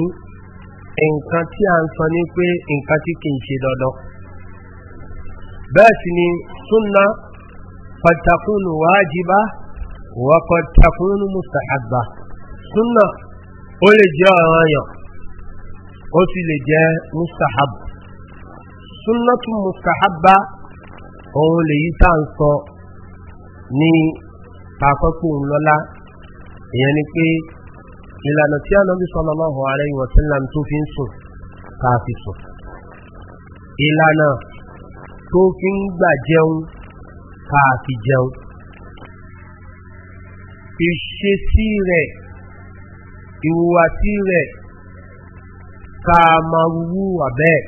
nǹkan tí a ń sọ ní pé nǹkan tí kì í ṣe dandan bẹ́ẹ̀ sì ni súnà pàtàkùnù wájibá wà pàtàkùnù mùsàhàbà súnà ó lè jẹ́ ọ̀ràn yàn ó sì lè jẹ́ mùsàhàbà súnà tún mùsàhàbà òun lèyí tá ń sọ ní pàkọ́kù ńlọ́lá èyàn ni pé ìlànà tí ànábì sọ lọ́lọ́hùn ààrẹ ìwọ̀n tí ńlá tó fi ń sùn káàfi sùn ìlànà tó fi ń gbà jẹun káàfi jẹun ìṣesí rẹ̀ ìwùwàsí rẹ̀ ká máa wúwà bẹ́ẹ̀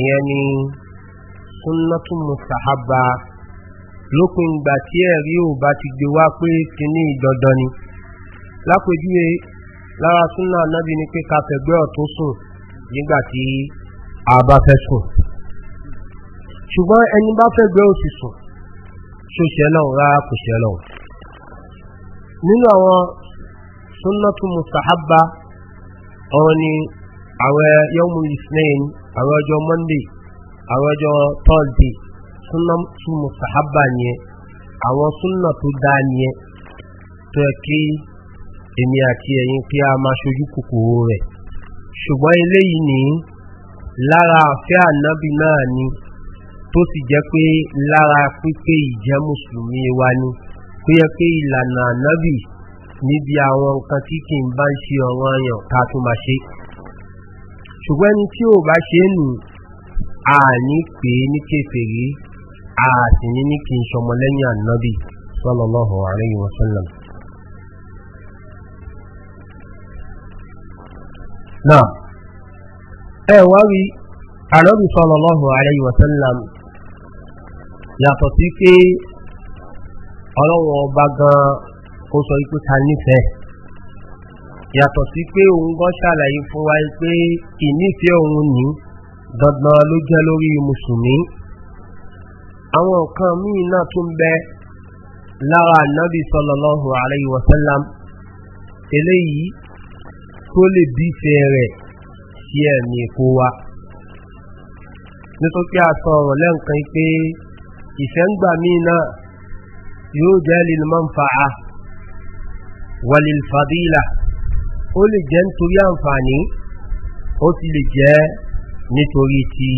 ìyẹn ni sunnatu mustahaba lópin ìgbà tí ẹ̀rí ò bá ti gbé wá pé kíní ìdandan ni lápèjúwe lára súnà nábi ni pé ká fẹ̀gbẹ́ ọ̀tún sùn nígbà tí a bá fẹ́ sùn ṣùgbọ́n ẹni bá fẹ́gbẹ́ òsì sùn ṣòṣẹ́ náà rárá kò ṣẹ́ náà nínú àwọn súnà tún mustahaba ni àwọn yọmú ìsinẹ́yìn àwọn ọjọ́ monday àwọn ọjọ́ tọ́sídẹ̀ẹ́ súnà súnmù sàhábà yẹn àwọn súnà tó dá yẹn tó yẹ kí èmi àti ẹ̀yin kí a máa ṣojú kòkòrò rẹ̀ ṣùgbọ́n eléyìí ní lára ànábì náà ni tó sì pé lára pípé mùsùlùmí wa ni tó yẹ pé ìlànà ànábì níbi àwọn nǹkan tí kì í bá ń ṣe a ní pé ní kéferì a sì ní ní kí n ṣọmọ lẹ́yìn ànábì sallallahu alayhi wa sallam náà ẹ wá rí ànábì sallallahu alayhi wa sallam yàtọ̀ sí pé ọlọ́wọ́ ọba gan ó sọ ipé ta nífẹ̀ẹ́ yàtọ̀ sí pé òun gan ṣàlàyé fún wa pé ìnífẹ̀ẹ́ òun nìí dandan ló jẹ́ lórí mùsùlùmí àwọn nǹkan míì náà tún bẹ lára ànábì sallallahu alayhi wa sallam eléyìí tó lè bífẹ́ rẹ̀ sí ẹ̀mí èkó wa nítorí pé a sọ ọ̀rọ̀ lẹ́ǹkan pé ìfẹ́ ń gbà míì náà yóò jẹ́ lil manfa'a wa lil fadila ó lè jẹ́ nítorí àǹfààní ó sì lè jẹ́ nítorí ti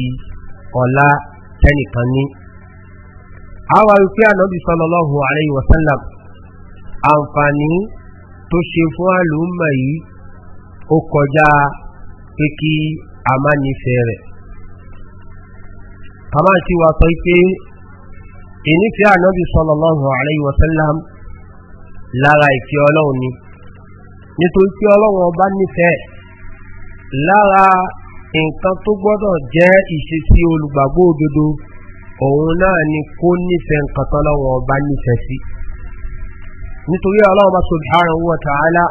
ọlá tẹ́nìkan ní àwà wípé ànábì sọlọ́lọ́hù àrẹ́yìn wọ̀sánlám àǹfààní tó ṣe fún àlùmọ̀ yìí ó kọjá pé kí a má nífẹ̀ẹ́ rẹ̀ kàmá sí wa sọ pé ìnífẹ̀ẹ́ ànábì sọlọ́lọ́hù àrẹ́yìn wọ̀sánlám lára ìfẹ́ ọlọ́run ni nítorí pé ọlọ́run ọba nífẹ̀ẹ́ lára nǹkan tó gbọ́dọ̀ jẹ́ ìṣesí olùgbàgbọ́ òdodo òun náà ni kó nífẹ̀ẹ́ nǹkan tán lọ́wọ́ ọba nífẹ̀ẹ́ sí nítorí ọlọ́run bá sọ̀rọ̀ àrùn wọn tààlà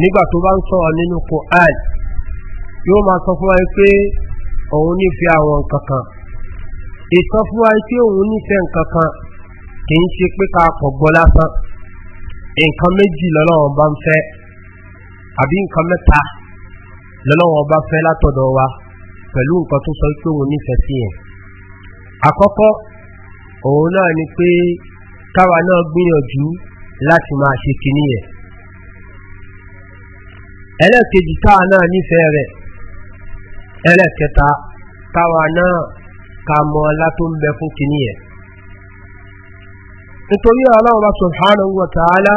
nígbà tó bá ń sọ̀rọ̀ nínú quran yóò máa sọ fún wa pé òun nífẹ̀ẹ́ àwọn nǹkan kan ìsọ fún wa pé òun nífẹ̀ẹ́ nǹkan kan kì í ṣe pé ká kọ̀ gbọ́ lásán nǹkan méjì lọ́lọ́run bá ń fẹ́ àbí nǹkan mẹ́ta lọ́lọ́wọ́ ọba fẹ́ látọ̀dọ̀ wa pẹ̀lú nǹkan tó sọ pé òun nífẹ̀ẹ́ sí ẹ̀ àkọ́kọ́ òun náà ni pé káwa náà gbìyànjú láti máa ṣe kìíní ẹ̀ ẹlẹ́ẹ̀kejì táwa náà nífẹ̀ẹ́ rẹ̀ ẹlẹ́ẹ̀kẹta táwa náà ka mọ ọlá tó ń bẹ fún kìíní ẹ̀ nítorí aláwọ̀ bá subhanahu wa ta'ala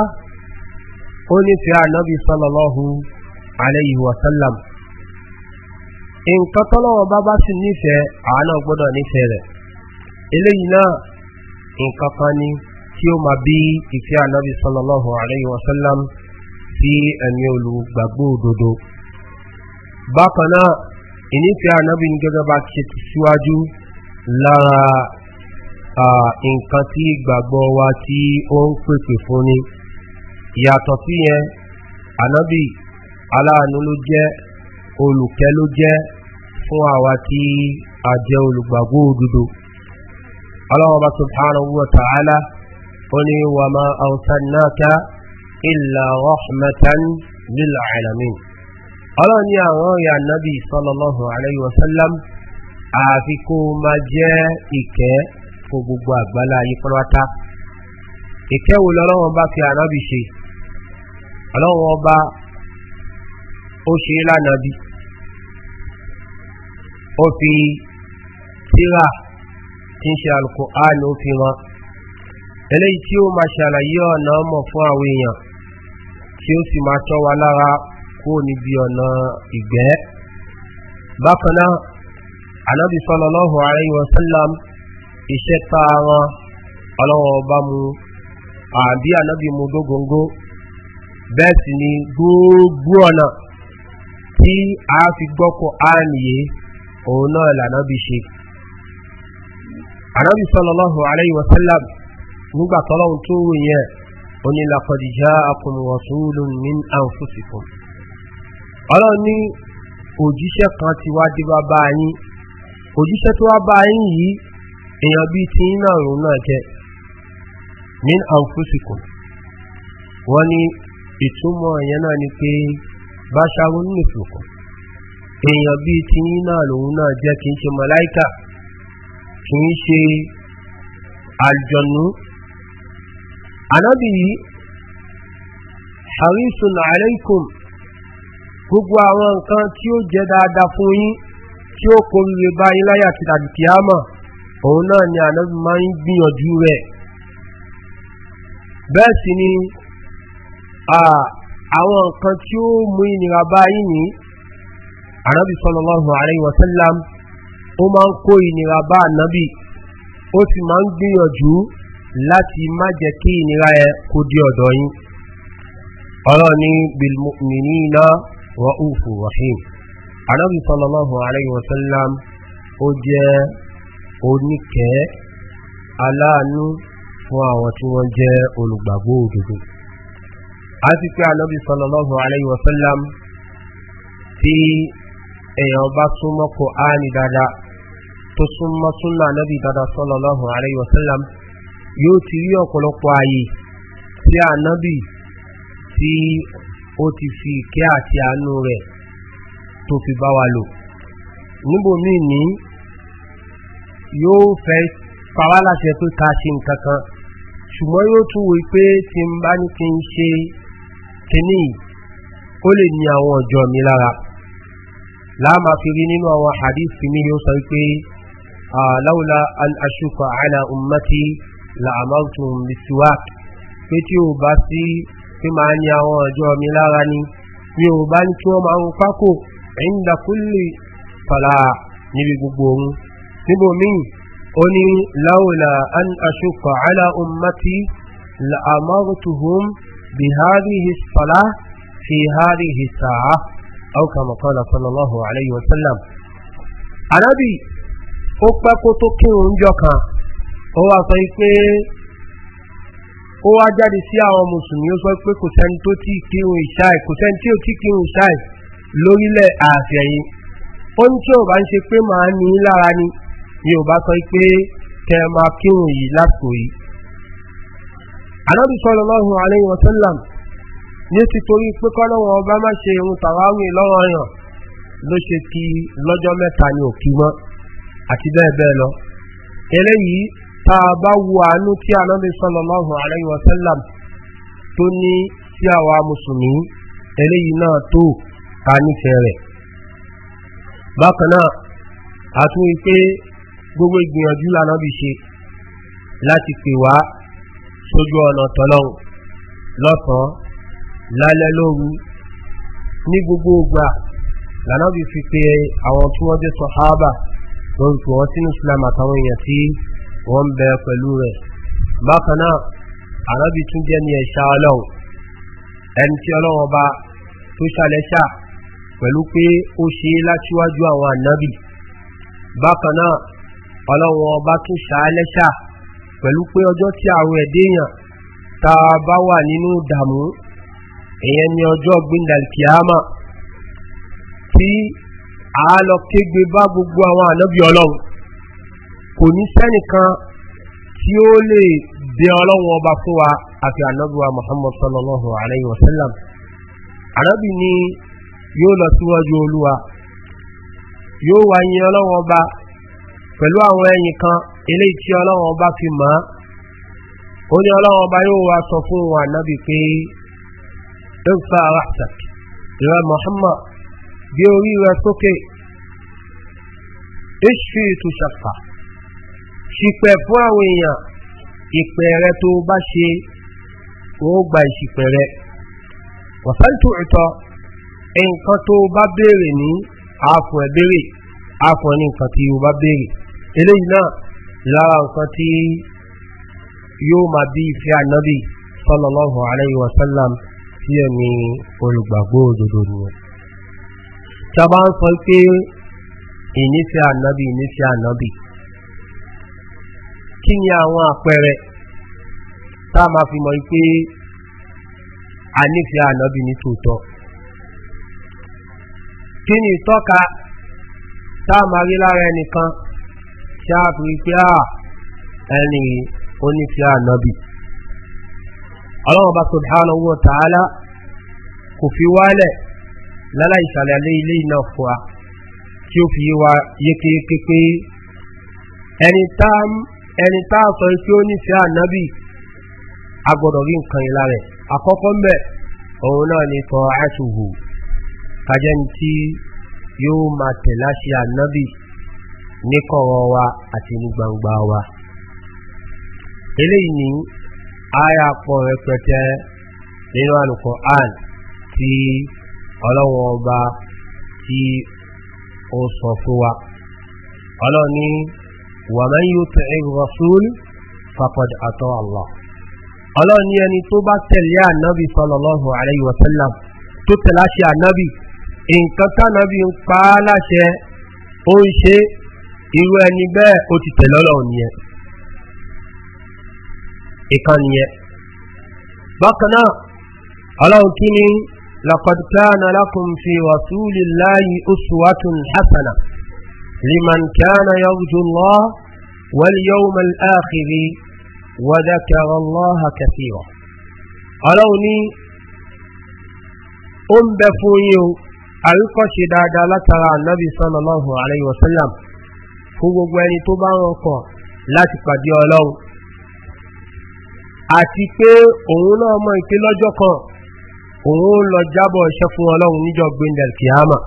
ó nífẹ̀ẹ́ ànábì sallallahu alayhi wa sallam nǹkan tọ́lọ́wọ́ bá bá sì nífẹ̀ẹ́ àánà gbọ́dọ̀ nífẹ̀ẹ́ rẹ̀ eléyìí náà nǹkan kan ni tí ó ma bí ìfẹ́ ànábi sọlọ́lọ́hùn àríyí wasallam sí ẹ̀mí olùgbàgbó òdodo bákan náà ìnífẹ́ ànábi ní gẹ́gẹ́ bá ṣe ti síwájú lára nǹkan tí gbàgbọ́ wa tí ó ń pèpè fún ni ìyàtọ̀ sí yẹn ànábi aláàánú ló jẹ́ olùkẹ́ ló jẹ́ fún àwa tí a jẹ́ olùgbàgbó òdúdó ọlọ́wọ́ba subhanahu wa ta'ala ó ní wà máa àwùsànnáka ilà rahmatan lil alamin ọlọ́run ní àwọn ìyá nábì sallallahu alayhi wa sallam àfi kó máa jẹ́ ìkẹ́ fún gbogbo àgbálá ayé pátá ìkẹ́ wo lọ́lọ́wọ́n bá fi ànábì ṣe ọlọ́wọ́n ọba ó ṣe é ó fi tíra tí ń ṣe alukur'an ó fi wọn eléyìí tí ó máa ṣàlàyé ọ̀nà ọmọ fún àwọn èèyàn tí ó sì máa tọ́ wa lára kúrò níbi ọ̀nà ìgbẹ́ bákan náà anábì sọlọ́lọ́hùn àárín wọn sálàm iṣẹ́ tá a ran ọlọ́wọ́ ọba mu àbí anábì mu gógóńgó bẹ́ẹ̀ sì ni gbogbo ọ̀nà tí a fi gbọ́kọ̀ áàmì òun náà lànàbí ṣe ànábì sallallahu alayhi wa sallam nígbà tọ́lọ́hun tó wù yẹn ó ní laqad ọlọ́run ní òjíṣẹ́ kan ti wá dé bá yín òjíṣẹ́ tó wá bá yín yìí èèyàn bíi ti yín náà rùn náà jẹ́ min anfusikum wọ́n ní ìtumọ̀ yẹn náà ni pé bá ṣàrún èèyàn bí ti ní náà lòun náà jẹ́ kìí ṣe mọ̀láíkà kìí ṣe àjọ̀nú anábì yìí harisun aleikum gbogbo àwọn nǹkan tí ó jẹ́ dáadáa fún yín tí ó kórìíre báyìí láyà ti dàbí kíámà òun náà ni anábì máa ń gbìyànjú rẹ̀ bẹ́ẹ̀ sì ni àwọn nǹkan tí ó mú ìnira báyìí nìyí ànábì sallallahu alayhi wa sallam ó máa ń kó ìnira bá ànábì ó sì máa ń gbìyànjú láti má jẹ́ kí ìnira ẹ kó dí ọ̀dọ̀ yín ọ̀rọ̀ ní bilmu'minina ra'ufu rahim ànábì sallallahu alayhi wa sallam ó jẹ́ oníkẹ́ aláàánú fún àwọn tí wọ́n jẹ́ olùgbàgbó òdòdó a ti pé ànábì sallallahu alayhi wa sallam tí èèyàn bá súnmọ́ kò áàni dáadáa tó súnmọ́ súnmọ́ anábì dáadáa sọ́lọ́lọ́hùn àrẹ́yìn wọ̀sánlám yóò ti rí ọ̀pọ̀lọpọ̀ ààyè tí anábì tí ó ti fi ìkẹ́ àti àánú rẹ̀ tó fi bá wa lò níbòmí ní yóò fẹ́ pàwá láti ẹ̀ pé ká ṣe nǹkan kan ṣùgbọ́n yóò tún wí pé tí n bá ní kí n ṣe kíní ó lè ní àwọn ọjọ́ mi lára láàmà fi rí nínú àwọn hadithi ní yóò sọ pé láwùlá an aṣùkọ àlà ummati la'amartum bisiwak pé tí ó bá sí pé máa ní àwọn ọjọ́ mi lára ni mi ò bá ní kí wọ́n máa ń pákó ẹ̀yìndà kúlì fàlà níbi gbogbo ohun níbo míì ó ní láwùlá an aṣùkọ àlà ummati la'amartuhum fi hari hisaa أو كما قال صلى الله عليه وسلم Ànábì ó pẹ́ kó tó kan ó wá sọ jáde sí àwọn mùsùlùmí ó sọ pé kò sẹ́ni tó tí kírun ìṣáì kò sẹ́ni tí ò tí kírun ìṣáì lórílẹ̀ àfẹ̀yìn ó ní tí ò bá ń ṣe pé màá ní lára ni mi ò bá sọ pé kẹ máa kírun yìí ní ti torí pé kọ́lọ́wọ́ ọba má ṣe irun tàwáwì lọ́wọ́ yàn ló ṣe kí lọ́jọ́ mẹ́ta ni òkí mọ́ àti bẹ́ẹ̀ bẹ́ẹ̀ lọ eléyìí tá a bá wo àánú tí anábì sọlọ́lọ́hùn àlẹ́yìn wọ́sẹ́làm tó ní sí àwa mùsùlùmí eléyìí náà tó a nífẹ̀ẹ́ rẹ̀ bákan náà a tún rí pé gbogbo ìgbìyànjú lànàbì ṣe láti pè wá sójú ọ̀nà tọ́lọ́hùn lọ́sàn-án lálẹ́ lóru ní gbogbo ògbà lànàbí fi pé àwọn tí wọ́n jẹ́ sọ̀hábà lórí tí wọ́n sínú islam àtàwọn èèyàn tí wọ́n bẹ pẹ̀lú rẹ̀ bákan náà ànábì tún jẹ́ ní ẹ̀ṣà ọlọ́run ẹni tí ọlọ́run ọba tó ṣàlẹ́ṣà pẹ̀lú pé ó ṣe láṣíwájú àwọn ànábì bákan náà ọlọ́run ọba tún ṣàlẹ́ṣà pẹ̀lú pé ọjọ́ tí àwọn ẹ̀dẹ́yàn ta bá wà nínú ìdààmú ìyẹn ni ọjọ́ gbíndàlkìámà tí a lọ kégbe bá gbogbo àwọn ànábì ọlọ́run kò ní sẹ́nìkan tí ó lè dé ọlọ́run ọba fún wa àti ànábì wa muhammad sallallahu alayhi wa sallam ànábì ni yóò lọ síwájú olúwa yóò wá yin ọba pẹ̀lú àwọn kan eléyìí ọba fi ó ní ọlọ́run ọba yóò sọ fún wa ànábì ارفع رأسك يا محمد جوري وسكي اشفي تشفع ṣìpẹ̀ fún àwọn èèyàn ìpẹ̀ rẹ tó bá se ó gba ìṣìpẹ̀ rẹ wọ̀fẹ́ntù ìtọ́ t'o tó bá ní ebere, ẹ̀ béèrè ààfọ̀ tí ó bá béèrè eléyìí náà lára nǹkan sí omi olùgbàgbọ́ òdodo nìyẹn tí a bá ń sọ pé ìnífẹ́ ànábì ìnífẹ́ ànábì kí ni àwọn àpẹẹrẹ tá a fi mọ̀ pé a ànábì ní tòótọ́ kí ni ìtọ́ka tá a máa rí lára ẹnìkan tí a à ah, ẹni ọlọ́wọ́ba subhanahu wa ta'ala kò fi wálẹ̀ lálá ìsàlẹ̀lẹ́ ilé iná fúwa tí ó fi wá yékéyéké pé ẹni tá a sọ ó nífẹ̀ẹ́ ànábì agbọ́dọ̀ rí nǹkan ìlà rẹ̀ àkọ́kọ́ mẹ́ òun náà ni tọ́ kájẹ́ni tí yóò máa ànábì ní kọ̀rọ̀ wa àti ní gbangba wa aya pọ̀ rẹpẹtẹ nínú àlùkò àn tí ọlọ́wọ́ ọba tí ó sọ fún wa ọlọ́ni wàmán yóò tẹ̀ atọ fapọ̀dé àtọ́ àlọ́ ọlọ́ni ẹni tó bá tẹ̀lé ànábì sọlọ́lọ́hù àrẹ́yìn wọ̀tẹ́lá tó tẹ̀láṣẹ ànábì nǹkan tánábì ń pa á láṣẹ ó ń ṣe irú ẹni bẹ́ẹ̀ ó ti tẹ̀lọ́lọ́ ìkan nìyẹn bákan náà ọlọ́run kí ni lakọ̀dùkánà lákùn fi wàsúlì láàyè oṣùwàtún hasana liman kánà yọjú lọ wàlíyọ́wọ́mọ̀ áàkiri wàdákẹ́rọ lọ́ha kẹfìrọ̀ ọlọ́run ní ó ń bẹ fún yín o àríkọ́ṣe dáadáa látara ànábì sọ́nà lọ́hùn àrẹ ìwọ̀sálàm fún gbogbo ẹni tó bá ń rọkọ̀ láti pàdé ọlọ́run àti pé òun náà mọ́ ìpé lọ́jọ́ kan òun lọ jábọ̀ iṣẹ́ fún ọlọ́run níjọ gbendel kìáma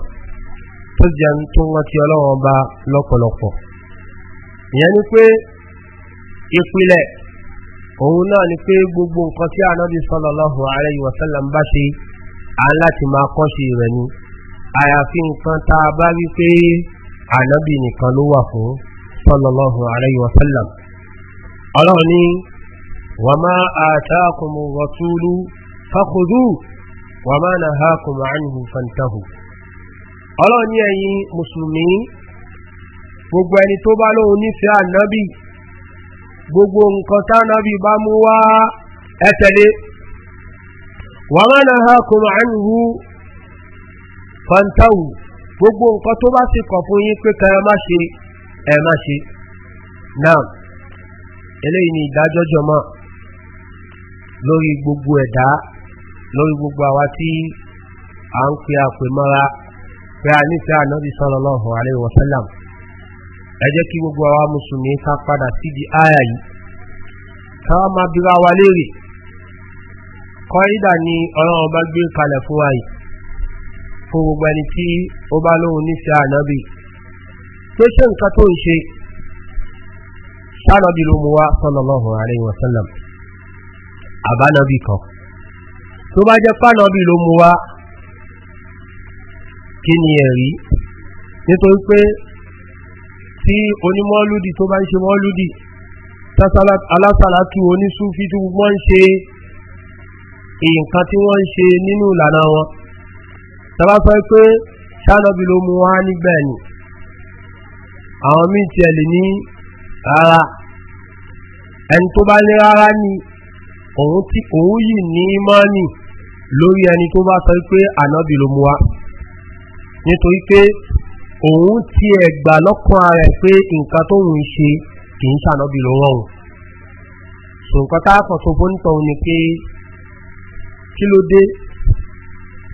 tó jẹ́ tó wọ́n ti ọlọ́run ọba lọ́pọ̀lọpọ̀ ìyẹn ni pé ìpìlẹ̀ òun náà ni pé gbogbo nǹkan tí ànábì sọ́lọ́lọ́hù ààrẹ ìwọ̀sánlá ń bá ṣe à máa kọ́ṣe rẹ̀ ni àyàfi nǹkan tá a bá wí pé ànábì nìkan ló wà fún ààrẹ ọlọ́run وما آتاكم الرسول فخذوه وما نهاكم عنه فانتهوا ọlọ́run ní ẹ̀yin mùsùlùmí gbogbo ẹni tó bá lóun nífẹ̀ẹ́ ànábì gbogbo nǹkan tánábì bá mú wá ẹ̀tẹ̀lé wọ́n máa náà hákùn gbogbo nǹkan tó bá sì kọ̀ fún yín pé kẹrẹ má ṣe ẹ̀ má ṣe náà eléyìí ni ìdájọ́ lórí gbogbo ẹ̀dá lórí gbogbo àwa tí a ń pe àpè mọ́ra pé a nífẹ́ ànábì sọ́lọ́lọ́hùn aléwọ̀sálàm ẹ jẹ́ kí gbogbo àwa mùsùlùmí ká padà sí di àyà yìí káwọn máa bíra wa léèrè kọ́ ìdà ni ọlọ́run bá gbé kalẹ̀ fún wa yìí fún gbogbo ẹni tí ó bá lóhun nífẹ́ ànábì ṣé nǹkan tó àbánabi kan tó bá jẹ́ pánabi ló mú wá kí ni ẹ̀rí nítorí pé tí onímọ́lúdì tó bá ń ṣe mọ́lúdì alásàlátù onísúfí tó wọ́n ń ṣe nǹkan tí wọ́n ń ṣe nínú ìlànà wọn tàbá sọ pé ṣáàlọ́bì ló mú wá nígbà ẹ̀nì àwọn míì tiẹ̀ lè ní rárá ẹni tó bá ní rárá ni òun tí òun yìí ní imani lórí ẹni tó bá sọ pé ànábì ló mú wa nítorí pé òun ti ẹ̀gbà lọ́kàn ara ẹ̀ pé nǹkan tó ń ṣe kì í ṣànábì ló wọ́n so nǹkan tá a kàn tó fún nítorí pé kí ló dé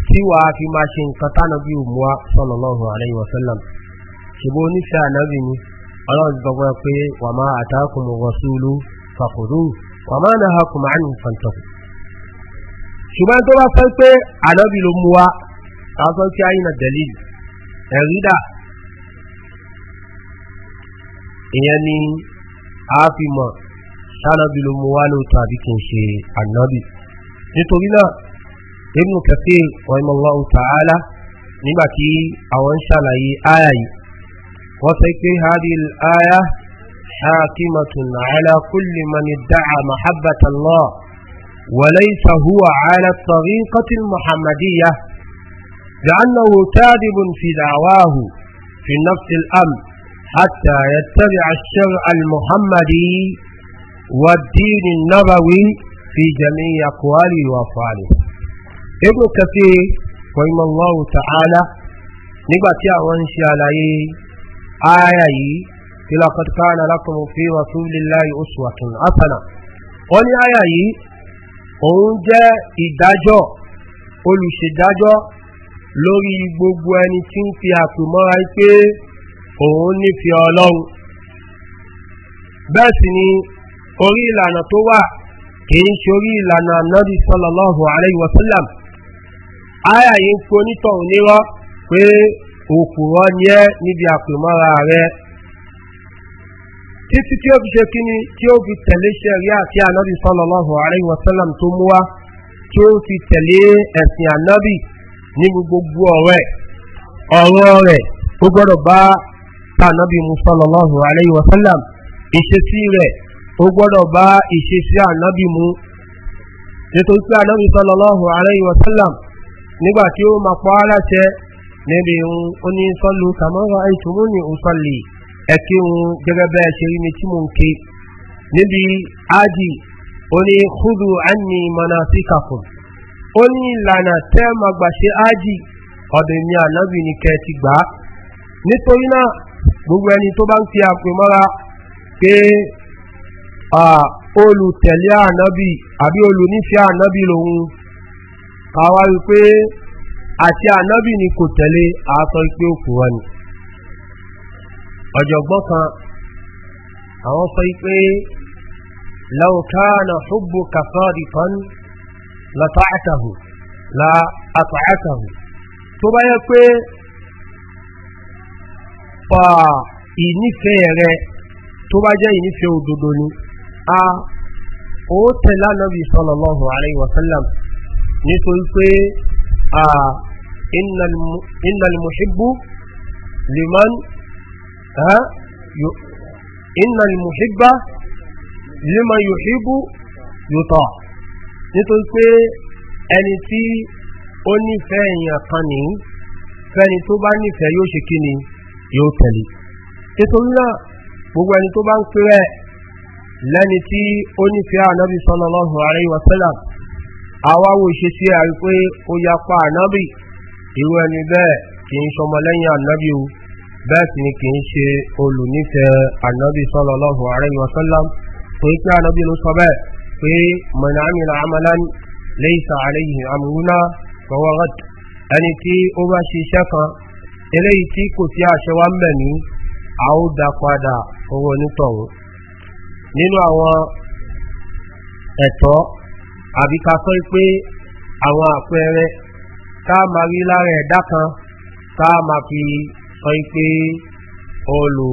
tí wàá fi máa ṣe nǹkan tánàbí ò mú wa sọlọ́lọ́hùn àlẹ́yìn wọ́sẹ́lẹ̀m ṣùgbọ́n oníṣẹ́ ànábì ni ọlọ́run ti sọ fún ẹ pé wàá máa àtàkùn mọ̀gọ́sùlù fàkùrù wàmá náà ha kùmà ní ìfàntọ̀ ṣùgbọ́n tó bá fẹ́ pé ànábì ló mú wa tààtọ́ tí ayé na dẹ̀lì ẹ̀rí dà ìyẹn ni a fi mọ̀ sánábì ló mú wa lóòótọ́ àbí kì í ṣe ànábì nítorí náà ibnu kafir rahimallahu ta'ala nígbàtí àwọn ń ṣàlàyé áyà yìí wọ́n sọ pé hadil áyà حاكمة على كل من ادعى محبة الله وليس هو على الطريقة المحمدية لأنه كاذب في دعواه في نفس الأمر حتى يتبع الشرع المحمدي والدين النبوي في جميع أقواله وأفعاله ابن كثير قيم الله تعالى نبتع يا وانشي عليه آية pé lọ́kọ̀ káàna lákùnrin fi rọ̀túnléláì oṣù àtùn àtànà wọ́n ní àyà yìí òun ìdájọ́ lórí gbogbo ẹni tí ń fi àpòmọ́ra pé òun nífẹ̀ẹ́ ọlọ́run bẹ́ẹ̀ sì ni orí ìlànà tó wà kìí ìlànà ń onítọ̀hún nírọ́ pé ni ẹ́ níbi títí tí ó fi ṣe kíni tí ó fi tẹ̀lé ṣẹ̀ríà tí ànábì sọlọ́lọ́hùn àárín wasalam tó mú wá tí ó fi tẹ̀lé ẹ̀sìn ànábì ní gbogbo ọ̀rẹ́ ọ̀rọ̀ rẹ̀ ó gbọ́dọ̀ bá tànábì mu sọlọ́lọ́hùn àárín wasalam ìṣesí rẹ̀ ó gbọ́dọ̀ bá ìṣesí ànábì mu nítorí pé ànábì sọlọ́lọ́hùn àárín wasalam nígbà tí ó máa pọ́ aláṣẹ níbi òun ó kàmọ́ra ìtùmú ní ẹ kí n gẹ́gẹ́ bẹ́ẹ̀ ṣe rí mi tí mò ń ké níbi ájì ó ní kúrú ánì mọ́nà sí kàkùn ó ní ìlànà tẹ́ máa ti nítorí náà gbogbo ẹni tó bá ń fi àpè pé olùtẹ̀lé ànábì àbí olùnífẹ́ ànábì lòun wípé àti ànábì ni kò tẹ̀lé àásọ ìpé òkú wọn ni ọ̀jọ̀gbọ́n kan àwọn sọ pé laukana ṣubbu kafari kan lata'atahu la ata'atahu tó bá yẹ pé fa ìnífẹ́ rẹ tó bá jẹ́ ìnífẹ́ òdodo ni a ó tẹ̀lá nàbí sallallahu alaihi wasallam nítorí pé a innal muhibbu liman ها إن المحب لما يحب يطاع nítorí pé ẹni tí ó nífẹ́ èèyàn kan ní fẹ́ni bá nífẹ́ yóò ni yóò tẹ̀lé nítorí náà gbogbo ẹni tó bá ń pẹ́rẹ́ lẹ́ni tí ó ó yapa ànábì o bẹ́ẹ̀ sì ni kìí ṣe olùnífẹ́ ànábì sọ́lọ́lọ́hùn ààrẹ́yìn wasallam tó ń pẹ́ ànábì ló sọ bẹ́ẹ̀ pé mọ̀nàmìnà amalan lẹ́yìnsà àlẹ́yìn amúnà fọwọ́rọ́t ẹni tí ó bá ṣiṣẹ́ kan eléyìí tí kò sí àṣẹ wa ń bẹ̀ ní a ó dá padà owó onítọ̀hún nínú àwọn ẹ̀tọ́ àbí pé àwọn àpẹẹrẹ tá a máa rí lára ẹ̀dá kan tá a máa fi sọ pé olù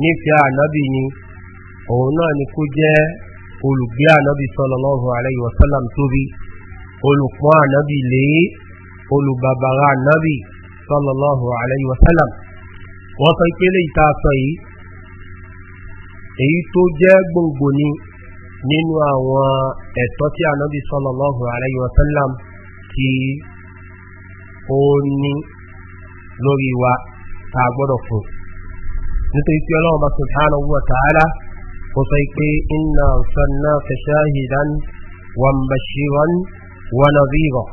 nífẹ́ ànábì ni òun náà ni kó jẹ́ olùgbé ànábì sọlọ́lọ́rùn ààrẹ ìwọ̀sálàm tóbi olùpọ́n ànábì lé olùbàbàrà ànábì sọlọ́lọ́rùn ààrẹ ìwọ̀sálàm wọ́n sọ pé lè ta sọ yìí èyí tó jẹ́ gbòǹgbò ni nínú àwọn ẹ̀tọ́ tí ànábì sọlọ́lọ́rùn ààrẹ ìwọ̀sálàm ó ní wa tá a gbọ́dọ̀ fún nítorí tí ọlọ́run bá subhanahu wa ta'ala kò sọ pé iná sanná fashahidan wa bashiran wa nadhira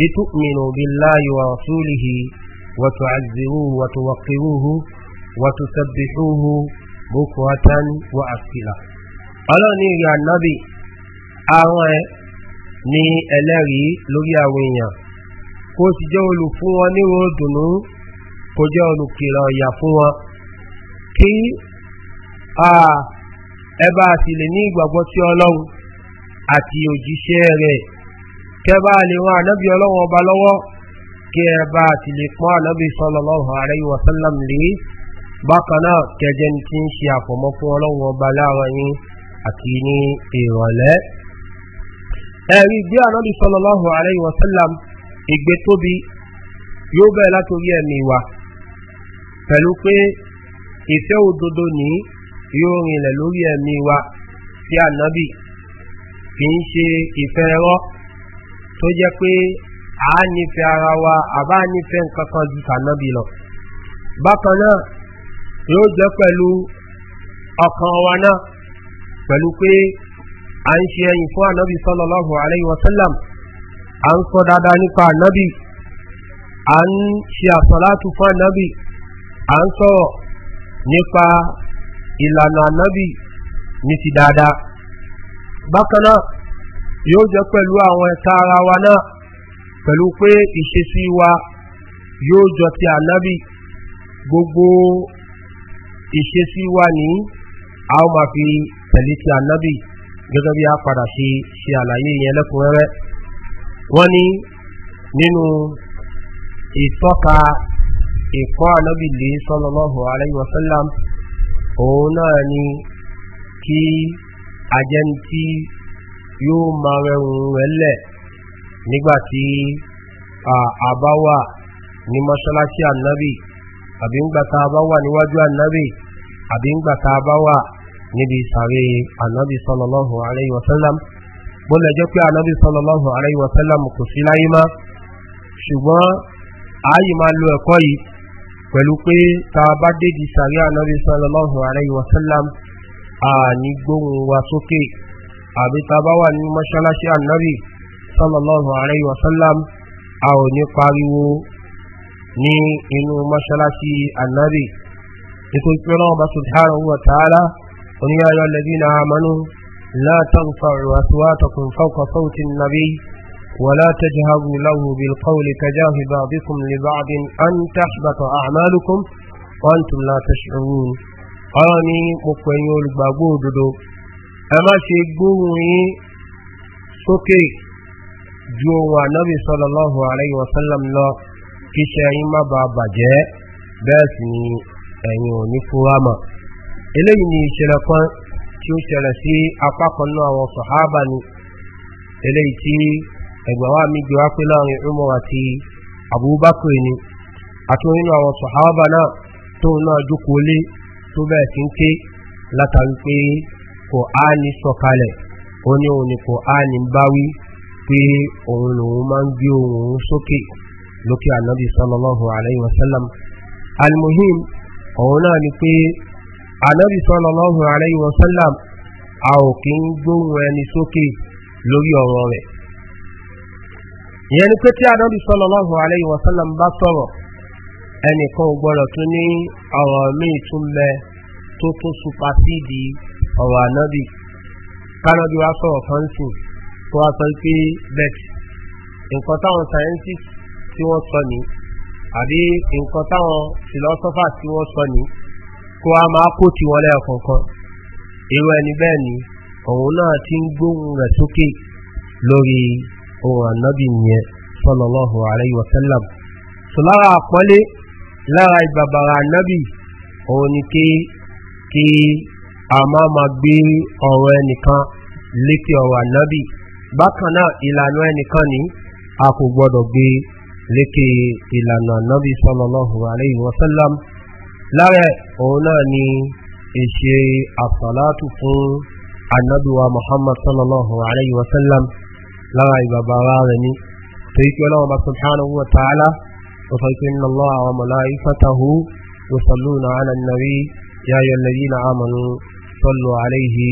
litu'minu billahi wa rasulihi wa tu'azziruhu wa tuwaqqiruhu wa tusabbihuhu bukratan wa asila ọlọ́run ní ìrìn ànábì àwọn ẹ ní ẹlẹ́rìí lórí àwọn èèyàn kó sì jẹ́ olùfún wọn níwọ̀n dùnú kó jẹ́ olùkìlọ̀ ìyà fún wọn kí ẹba àti lè ní ìgbàgbọ́ tí ọlọ́run àti òjíṣẹ́ rẹ̀ kẹba lè wọn ànábì ọlọ́run ọba lọ́wọ́ kí ẹba àti lè pọ́n ànábì sọlọ́lọ́run ààrẹ ìwọ̀sánlám lè bákan náà kẹjẹ ní ti ń ṣe àfọ̀mọ́ fún ọlọ́run ọba láàrin yín àti ní ìrọ̀lẹ́ ẹ̀rí bí ànábì sọlọ́lọ́run ààrẹ ìwọ̀sánlám ìgbé tóbi yóò bẹ̀rẹ̀ látòrí ẹ̀mí wa. pẹ̀lú pé ìfẹ́ òdodo ní yóò rìnlẹ̀ lórí ẹ̀mí wa sí ànábì kì ń ṣe ìfẹ́ ẹ̀rọ tó jẹ́ pé a nífẹ́ ara wa àbá nífẹ́ nkankan ju tànábì lọ bákan náà yóò jẹ́ pẹ̀lú ọkàn wa náà pẹ̀lú pé a ń ṣe ẹyìn fún ànábì sọ́lọ́lọ́hù aláìwọ̀sálàm a ń sọ dáadáa nípa ànábì a ń ṣe àsọ̀látù fún ànábì à ń sọ̀rọ̀ nípa ìlànà ànábì ní ti dáadáa bákan náà yóò jẹ́ pẹ̀lú àwọn ẹ̀ka ara wa náà pẹ̀lú pé ìṣesí wa yóò jọ ti ànábì gbogbo ìṣesí wa ní a ó máa fi tẹ̀lé ti ànábì gẹ́gẹ́ bí a padà ṣe ṣe àlàyé yẹn lẹ́kùnrẹ́rẹ́ wọ́n ní nínú ìtọ́ka ìkọ́ ànábì lè sọ́lọ́lọ́hù aláìwọ̀sọ́lám òun náà ni kí ajẹ́ntí yóò ma rẹrùn rẹ̀lẹ̀ nígbàtí àbáwà ní mọ́ṣálásí ànábì àbí ń gbàta àbáwà níwájú ànábì àbí ń gbàta àbáwà níbi ìsàrí ànábì sọ́lọ́lọ́hù aláìwọ̀sọ́lám bọ́lẹ̀ jẹ́ pé aláìwọ̀sọ́lám kò sí láyé má ṣùgbọ́n ààyè máa lo ẹ̀kọ́ yìí pẹ̀lú pé ta bá dédì sàrí ànábí sallallahu alayhi wa sallam a ní gbóhun wa sókè àbí ta bá wà ní mọ́ṣálásí ànábí sallallahu alayhi wa sallam a ò ní pariwo ní inú mọ́ṣálásí ànábí nítorí pé náà bá subhanahu wa ta'ala oníyàyọ̀ lẹ́bí na ولا تجهروا له بالقول كجاه بعضكم لبعض أن تحبط أعمالكم وأنتم لا تشعرون أراني مكوين يلقبوا دودو أما شيقوني سوكي جو نبي صلى الله عليه وسلم لا كشاي ما بابا جاء باسني أيون نفواما إليني شلقان tí ó ṣẹlẹ̀ sí apákan náà ẹgbẹ̀ wa mi gbẹ̀ wá pé láàrin umar àti abubakar ni àti nínú àwọn sọ̀háábà náà tó náà jókòó lé tó bẹ̀rẹ̀ sí ń ké látàrí pé kò á ní sọ̀kalẹ̀ ó ní òun ni kò á ní báwí pé òun lòun máa ń gbé òun sókè lókè ànábì sallallahu alayhi wa sallam òun náà ni pé ànábì sallallahu ẹni sókè lórí ọ̀rọ̀ rẹ̀ ìyẹn ni pé tí adọ́bí sọlọ́lọ́hù aláyé wasalam bá sọ̀rọ̀ ẹnìkan gbọ́dọ̀ tó ní ọ̀rọ̀ míì tún bẹ tó tó supasíìdì ọ̀rọ̀ ànábì kánàbí wá sọ̀rọ̀ kan sìn tó wá sọ pé bet nǹkan táwọn scientist tí wọ́n sọ ní àbí nǹkan táwọn philosopher tí wọ́n sọ ní kó a máa kó tiwọn lẹ́ẹ̀kọ̀ọ̀kan irú ẹni bẹ́ẹ̀ ni òun náà ti ń gbóhùn rẹ̀ sókè lórí òun ànábì nìyẹn sọlọ́lọ́hùn ààrẹ ìwọ̀sẹ́lẹ̀m tó lára àpọ́nlé lára ìbàbàrà ànábì òun ni kí kí a máa ma gbé ọ̀rọ̀ ẹnìkan lékè ọ̀rọ̀ ànábì bákan náà ìlànà ẹnìkan ni a kò gbọ́dọ̀ gbé lékè ìlànà ànábì sọlọ́lọ́hùn ààrẹ ìwọ̀sẹ́lẹ̀m lára òun náà ni ìṣe àsàlátù fún ànábìwa muhammad sọlọ́lọ́hùn ààrẹ ìwọ̀sẹ́lẹ̀m lára ìbàbàrà rẹ̀ ni torí pé ọlọ́run bá subhanahu wa ta'ala wọ́n sọ pé nínú lọ́wọ́ àwọn malaikatahu wọ́n sọ̀lú na ala nàrí yáyọ̀ lẹ́yí na amanu sọ̀lù aláìhí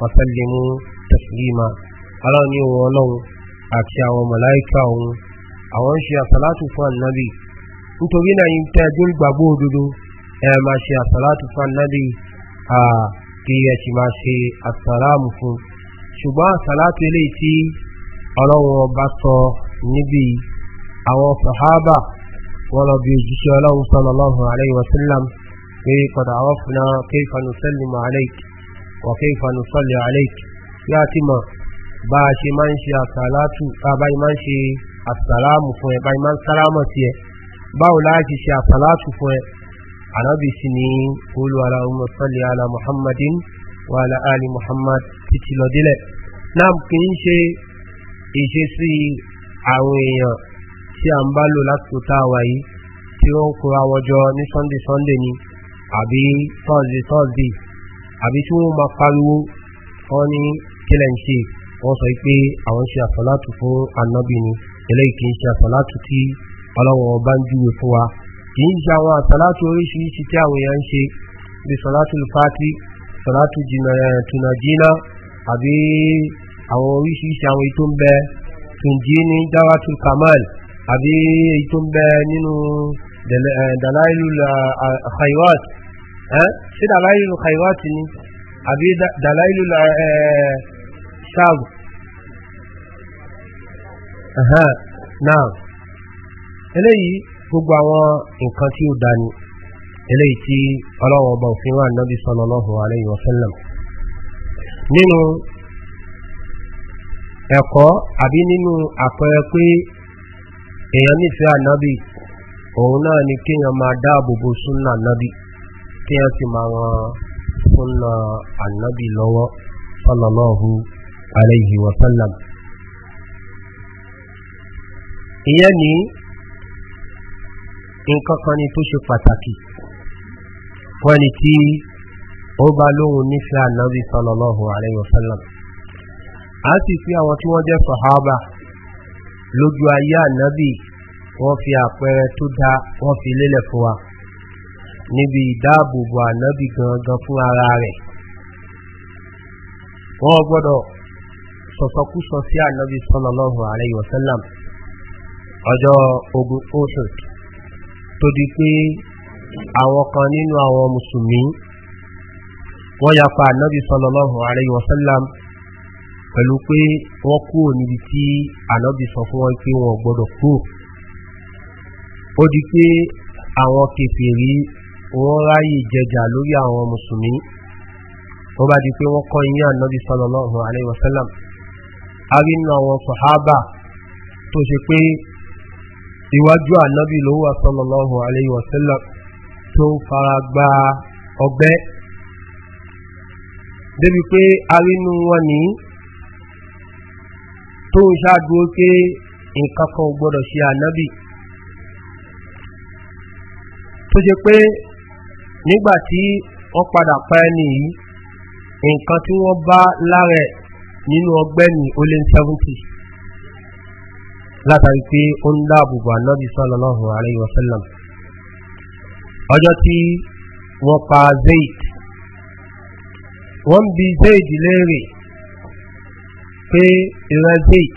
wasallimu taslima ọlọ́run ní òun ọlọ́run àti àwọn mọ̀láìkà òun àwọn ń ṣe àsàlátù fún ànábì nítorí náà yìí tẹ́ ẹjọ́ ìgbàgbọ́ òdodo ẹ máa ṣe àsàlátù fún ànábì kí ẹ sì máa ṣe àsàlámù fún ṣùgbọ́n àsàlátù eléyìí ọlọ́run ọba sọ níbi àwọn sọ̀hábà wọn lọ bí ojúṣe ọlọ́run sọ̀rọ̀ lọ́hùn àlẹ́ ìwọ̀sílám pé kọ̀dà àwọn fúnra kéfàánù sẹ́lì mọ́ àlẹ́ wọ̀ kéfàánù sọ́lì àlẹ́ kí á ti mọ̀ bá a ṣe máa ń ṣe àsàlátù bá a máa ń ṣe àsàlámù fún ẹ bá máa ń sálámọ̀ sí ẹ báwo láti ṣe àsàlátù fún ẹ ànábì sí ni olùwàlà ọmọ sọ́lì àlà muhammadin wàhálà àlì muhammad títí lọ délẹ̀ náà kì í ṣe ìṣesí àwọn èèyàn tí a ń bá lò lásìkò táwà yìí tí ó ń kóra wọjọ ní sunday sunday ni àbí thursday thursday àbí tí wọ́n máa pariwo wọ́n ní kílẹ̀ ń ṣe wọ́n sọ pé àwọn ṣe àfọlátù fún anábì ni eléyìí kì í ṣe àfọlátù tí ọlọ́wọ́ bá ń júwe fún wa kì í ṣe àwọn àfọlátù oríṣiríṣi tí àwọn èèyàn ń ṣe bí sọlátù fati sọlátù tùnàjínà àbí àwọn oríṣiríṣi àwọn ètò ń bẹ tùnjí ní dáwàtú kamal àbí ètò ń bẹ nínú dalailu khaiwat eh, ṣe dalailu eh, khaiwat eh? ni àbí dalailu shab náà eléyìí gbogbo àwọn nǹkan tí ó dání eléyìí tí ọlọ́wọ́ ọba òfin wà nábi sọ́lọ́lọ́hùn aláìwọ̀sẹ́lẹ̀m nínú ẹ̀kọ́ àbí nínú àpẹẹrẹ pé èèyàn nífẹ̀ẹ́ ànábì òun náà ni kíyàn máa dáàbòbò súnà ànábì kíyàn sì máa wọn súnà ànábì lọ́wọ́ sọ́lọ́lọ́hu aláìhì wọ́sálàm ní nǹkan kan ni tó ṣe pàtàkì fún ẹni tí ó bá lóhun a sì fi àwọn tí wọ́n jẹ́ sọ̀hábà lójú ayé ànábì wọ́n fi àpẹẹrẹ tó dá wọ́n fi lélẹ̀ fún wa níbi ìdáàbòbò ànábì gangan fún ara rẹ̀ wọ́n gbọ́dọ̀ sọ̀sọ̀kúsọ sí ànábì sọ́lọ́lọ́hùn ààrẹ ìwọ̀sẹ́làm ọjọ́ ogun oṣùd tó di pé àwọn kan nínú àwọn mùsùlùmí wọ́n yapa ànábì sọ́lọ́lọ́hùn ààrẹ ìwọ̀sẹ́làm pẹ̀lú pé wọ́n kúrò níbi tí ànábì sọ fún wọn pé wọn gbọ́dọ̀ kúrò ó di pé àwọn kèfèrí wọ́n ráyè jẹjà lórí àwọn mùsùlùmí ó bá di pé wọ́n kọ́ iye ànábì sọlọ́lọ́hùn aláìwọ̀sálàm a rí nínú àwọn sọ̀hábà tó ṣe pé iwájú ànábì ló wà sọlọ́lọ́hùn aláìwọ̀sálàm tó fara gba ọgbẹ́ débi pé a rí nínú wọn nìí tó ń ṣáàdúró pé nǹkan kan gbọ́dọ̀ ṣe ànábì tó ṣe pé nígbà tí wọ́n padà pa ẹni yìí nǹkan tí wọ́n bá lára nínú ọgbẹ́ni ó lé 70 látàrí pé ó ń dáàbòbò ànábì sọ́lọ́lọ́hùn àríyí wasallam ọjọ́ tí wọ́n pa zaid wọ́n bí zaid léèrè pé ìran zik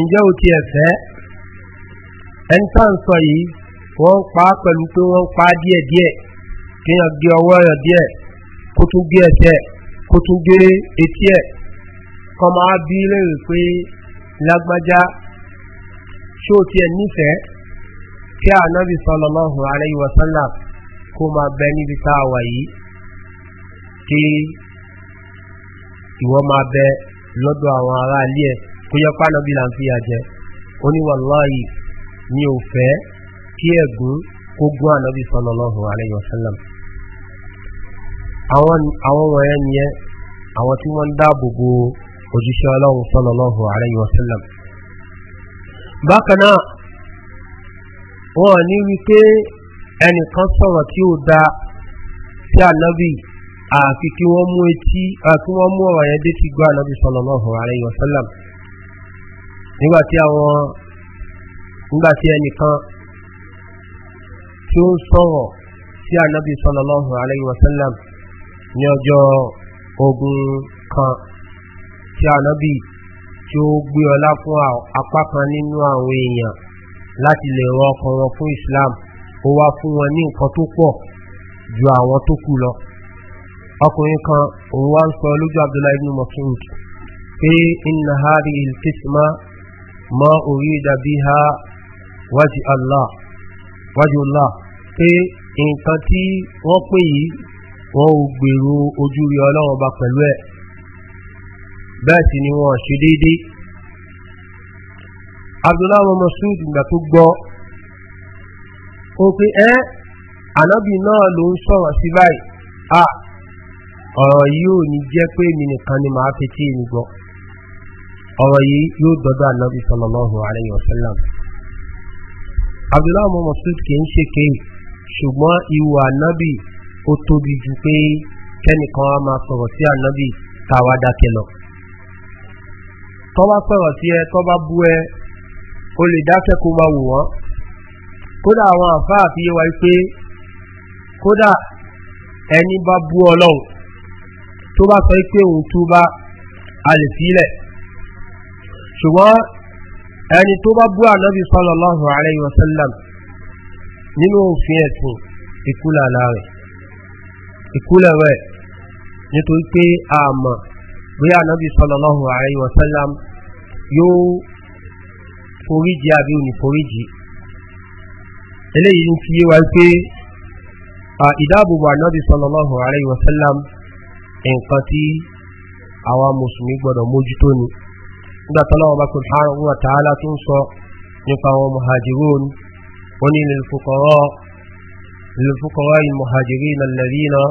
ǹjẹ́ o ti ẹ̀fẹ́ ẹni tá ń sọ yìí wọ́n ń pa á pẹ̀lú pé wọ́n ń pa á díẹ̀díẹ̀ kí wọ́n gbé ọwọ́ rẹ̀ díẹ̀ kó tún gbé ẹ̀tẹ̀ kó tún gbé etí ẹ̀ kọ́ máa bí léèrè pé lágbájá ṣé o tiẹ̀ nífẹ̀ẹ́ kí ànábì sọlọ́lọ́hùn aláìwọ̀sánlá kó máa bẹ níbi tá a wà yìí kí ìwọ máa bẹ lọ́dọ̀ àwọn ará ilé ẹ̀ kó yẹ pánà bí láti àjẹ́ oníwàláyì ní ò fẹ́ kí ẹ̀gún kó gún ànábì sọlọ́lọ́hùn awọn àwọn wọ̀nyẹ́ awọn àwọn tí wọ́n ń dáàbòbò òjíṣẹ́ ọlọ́run sọlọ́lọ́hùn aláyọ̀sẹ́lẹ̀m bákan náà wọ́n ní wípé ẹnìkan sọ̀rọ̀ tí ó da tí ànábì àti kí wọ́n mú etí àti wọ́n mú ọ̀rọ̀ yẹn dé ti gbá ànábì sallallahu alaihi wasallam nígbàtí àwọn nígbàtí ẹnìkan tí ó sọ̀rọ̀ sí ogun kan tí anọbi tí ó gbé ọlá fún apá kan nínú àwọn èèyàn láti lè rọ ọkàn wọn fún Islam ó wá fún wọn lọ. ọkùnrin kan òun wá ń sọ lójú abdullahi ibn masoud pé iná hàrí ilkisma orí ha wájú allah pé nǹkan tí wọ́n pè yìí wọ́n ò gbèrò ojú rí pẹ̀lú ẹ̀ bẹ́ẹ̀ ni wọ́n ṣe déédé abdullahi ibn masoud ìgbà tó gbọ́ ó ẹ́ ló ń sọ̀rọ̀ sí báyìí ọ̀rọ̀ yìí ò ní jẹ́ pé mi nìkan ni màá fi tí èmi gbọ́ ọ̀rọ̀ yìí yóò dọ́dọ̀ ànábì sọlọ́lọ́hùn àlẹ́yìn ọ̀sẹ́lá abdullahi ọmọ mọ̀sùlùmí kì í ṣe kéè ṣùgbọ́n ìwò ànábì ó tóbi ju pé kẹ́nìkan wa máa sọ̀rọ̀ sí ànábì táwa dákẹ́ lọ tọ́ bá sọ̀rọ̀ sí ẹ tọ́ bú ẹ o lè dákẹ́ kó máa wò wọ́n kódà àwọn àfáà fi yé wa pé kódà ẹni bá bú ọlọ́run tó bá sọ pé òun túbá a lè sílẹ̀ ṣùgbọ́n ẹni tó bá bú ànábì sallallahu alayhi wa sallam nínú òfin ẹ̀sìn ìkúlẹ̀ àlá rẹ̀ ìkúlẹ̀ rẹ̀ nítorí pé àmọ̀ bí ànábì sallallahu alayhi wa sallam yóò foríjì àbí òní foríjì eléyìí ń fi yé wa pé ìdáàbòbò ànábì sallallahu alayhi wa sallam nǹkan tí àwa mùsùlùmí gbọdọ̀ mójútó ni nígbà tọ́lọ́wọ́ bá tó hàn wọ́n tààlà tó ń sọ nípa àwọn muhajirun wọ́n ní lèfukọ̀rọ̀ muhajirin alẹ́rìnà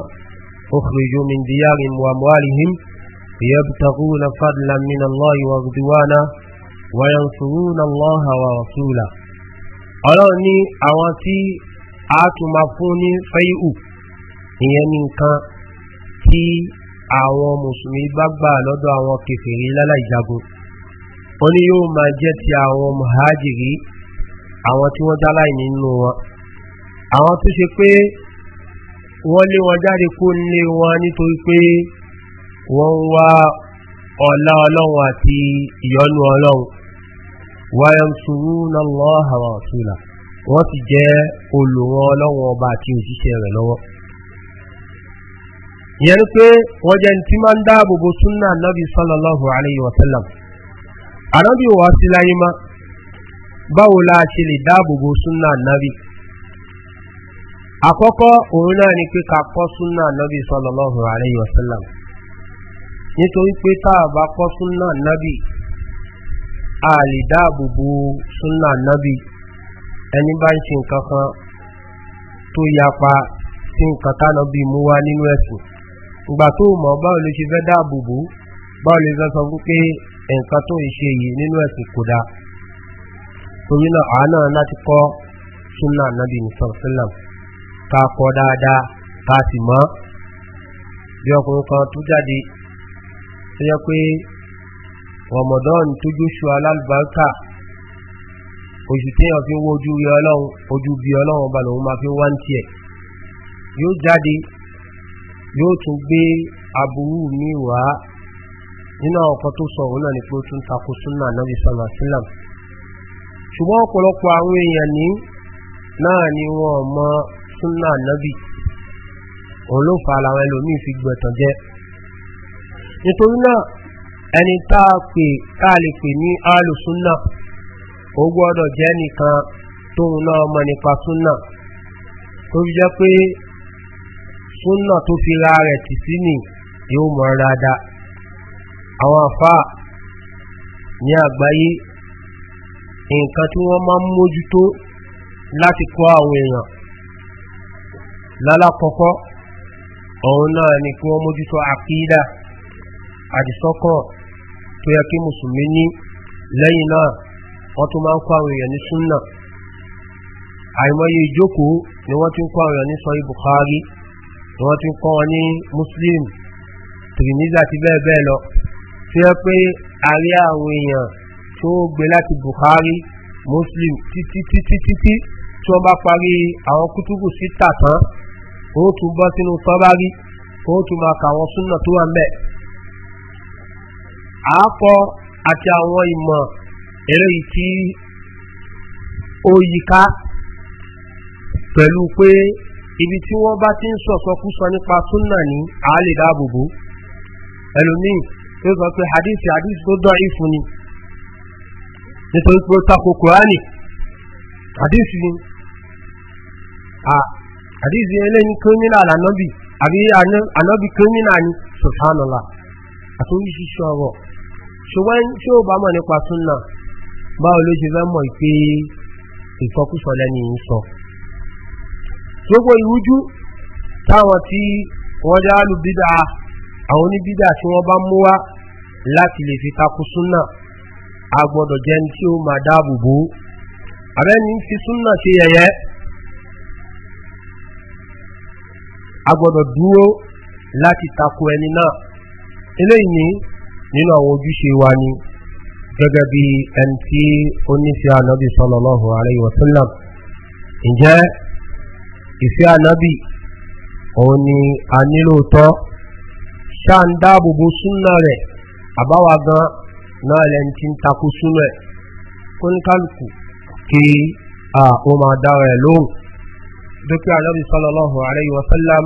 òkèrèjò min diyari muhammadihim يبتغون فضلا من الله ورضوانا وينصرون الله ورسوله ọlọ́run ní àwọn tí a tún ma fún ní fẹ́yìú ìyẹn ní àwọn mùsùlùmí bá gbà lọ́dọ̀ àwọn kèfèrí láláìjagun wọ́n ni yóò máa jẹ́ ti àwọn mọ̀hájìrí àwọn tí wọ́n dáláì nínú wọn àwọn tó ṣe pé wọ́n lé wọn jáde kó lé wọn nítorí pé wọ́n ń wá ọ̀lá ọlọ́run àti ìyọnú ọlọ́run wáyọ̀n ṣúrú lọ́lọ́ ìyẹn pé wọ́n jẹ́ tí máa ń dáàbò bo súnà nábi sallallahu alayhi wa sallam anábi sí láyé má báwo la ṣe lè dáàbò bo súnà àkọ́kọ́ òun náà ni pé ká kọ́ súnà nábi sallallahu alayhi wa nítorí pé tá a bá kọ́ súnà a lè dáàbò bo súnà ẹni bá ń ṣe nǹkan tó yapa sí nǹkan tánà bí mú wá nínú ìgbà tó mọ̀ báwọn lè ṣe fẹ́ dáàbò bò báwọn lè sọ fún pé nǹkan tó ń ṣe yìí nínú ẹ̀sìn kò dáa torí náà àánà láti kọ́ súnà nàbì nìsọ̀rọ̀sílẹ̀m ká kọ́ dáadáa ká sì mọ́ bí ọkùnrin kan tó jáde tó yẹ pé ramadan tó jóṣù alálùbáríkà oṣù téèyàn fi ń wo ojú rí ọlọ́run ojú bí ọlọ́run balùwọ́n máa fi ń wá ń tiẹ̀ yóò jáde yóò tún gbé aburú mi wá nínú àwọn kan tó sọ òun náà ni pé ó tún takò súnà náà sọlọ sílám ṣùgbọ́n ọ̀pọ̀lọpọ̀ àwọn èèyàn ní náà ni wọn mọ súnà òun ló fa ẹlòmíì a pè tá a lè pè ní ó gbọ́dọ̀ jẹ́ nìkan tóun náà mọ nípa súnà fi jẹ́ pé súnà tó fi ra rẹ̀ tì sí nì yóò mọ̀ dáadáa àwọn àfá ní àgbáyé nǹkan tí wọ́n máa ń mójútó láti kọ́ àwọn èèyàn náà ni kí wọ́n mójútó àkídà àdìsọ́kọ̀ tó yẹ kí mùsùlùmí ní lẹ́yìn náà wọ́n máa ń kọ́ àwọn èèyàn ní súnà àìmọye ìjókòó ni wọ́n ti ń kọ́ àwọn èèyàn ní sọ ibùkárí wọ́n ti kọ́ ní muslim trinidad ti bẹ́ẹ̀ bẹ́ẹ̀ lọ tí ó pé àrí àwọn èèyàn tó gbé láti buhari muslim títí títí títí tí wọ́n bá parí àwọn kútùkù sí tàtán ó tún bọ́ sínú tọ́bárí ó tún máa kà wọ́n súnà tó wà ń bẹ̀. àákọ àti àwọn ìmọ̀ eléyìí tí ó yíká pẹ̀lú pé ibi tí wọ́n bá ti ń sọ̀sọ̀kúsọ nípa súnà ní àálè dáàbòbò ẹlòmíì tó sọ pé hadith hadith tó dọ̀ ifu ni nítorí pé ó tako kùránì hadith ni hadith yẹn lẹ́ni kírímínà àbí ànábì ni sùhánàlá àti oríṣiríṣi ọ̀rọ̀ ṣùgbọ́n tí ó bá mọ̀ nípa súnà báwo ló ṣe fẹ́ mọ̀ pé ìsọkúsọ lẹ́ni ń sọ. gbogbo ìrújú táwọn tí wọ́n dá lùbídà àwọn oníbídà tí wọ́n bá mú wá láti lè fi takú súnà a jẹ́ ní tí ó máa dáàbò bò ó fi súnà ṣe yẹ̀yẹ́ a dúró láti takú ẹni náà eléyìí ní nínú àwọn wa ni gẹ́gẹ́ bí ẹni tí ó ànábì sọlọ́lọ́hùn ǹjẹ́ ìfẹ́ anabi òun ni a nílò tọ́ ṣáà ń dáàbòbò rẹ̀ àbáwá gan náà lẹ́ni tí ń takú súnà ẹ̀ kóníkálùkù kí ó máa dára ẹ̀ lóhùn dókè ànábì sọlọ́lọ́hùn àrẹ́yìn wasallam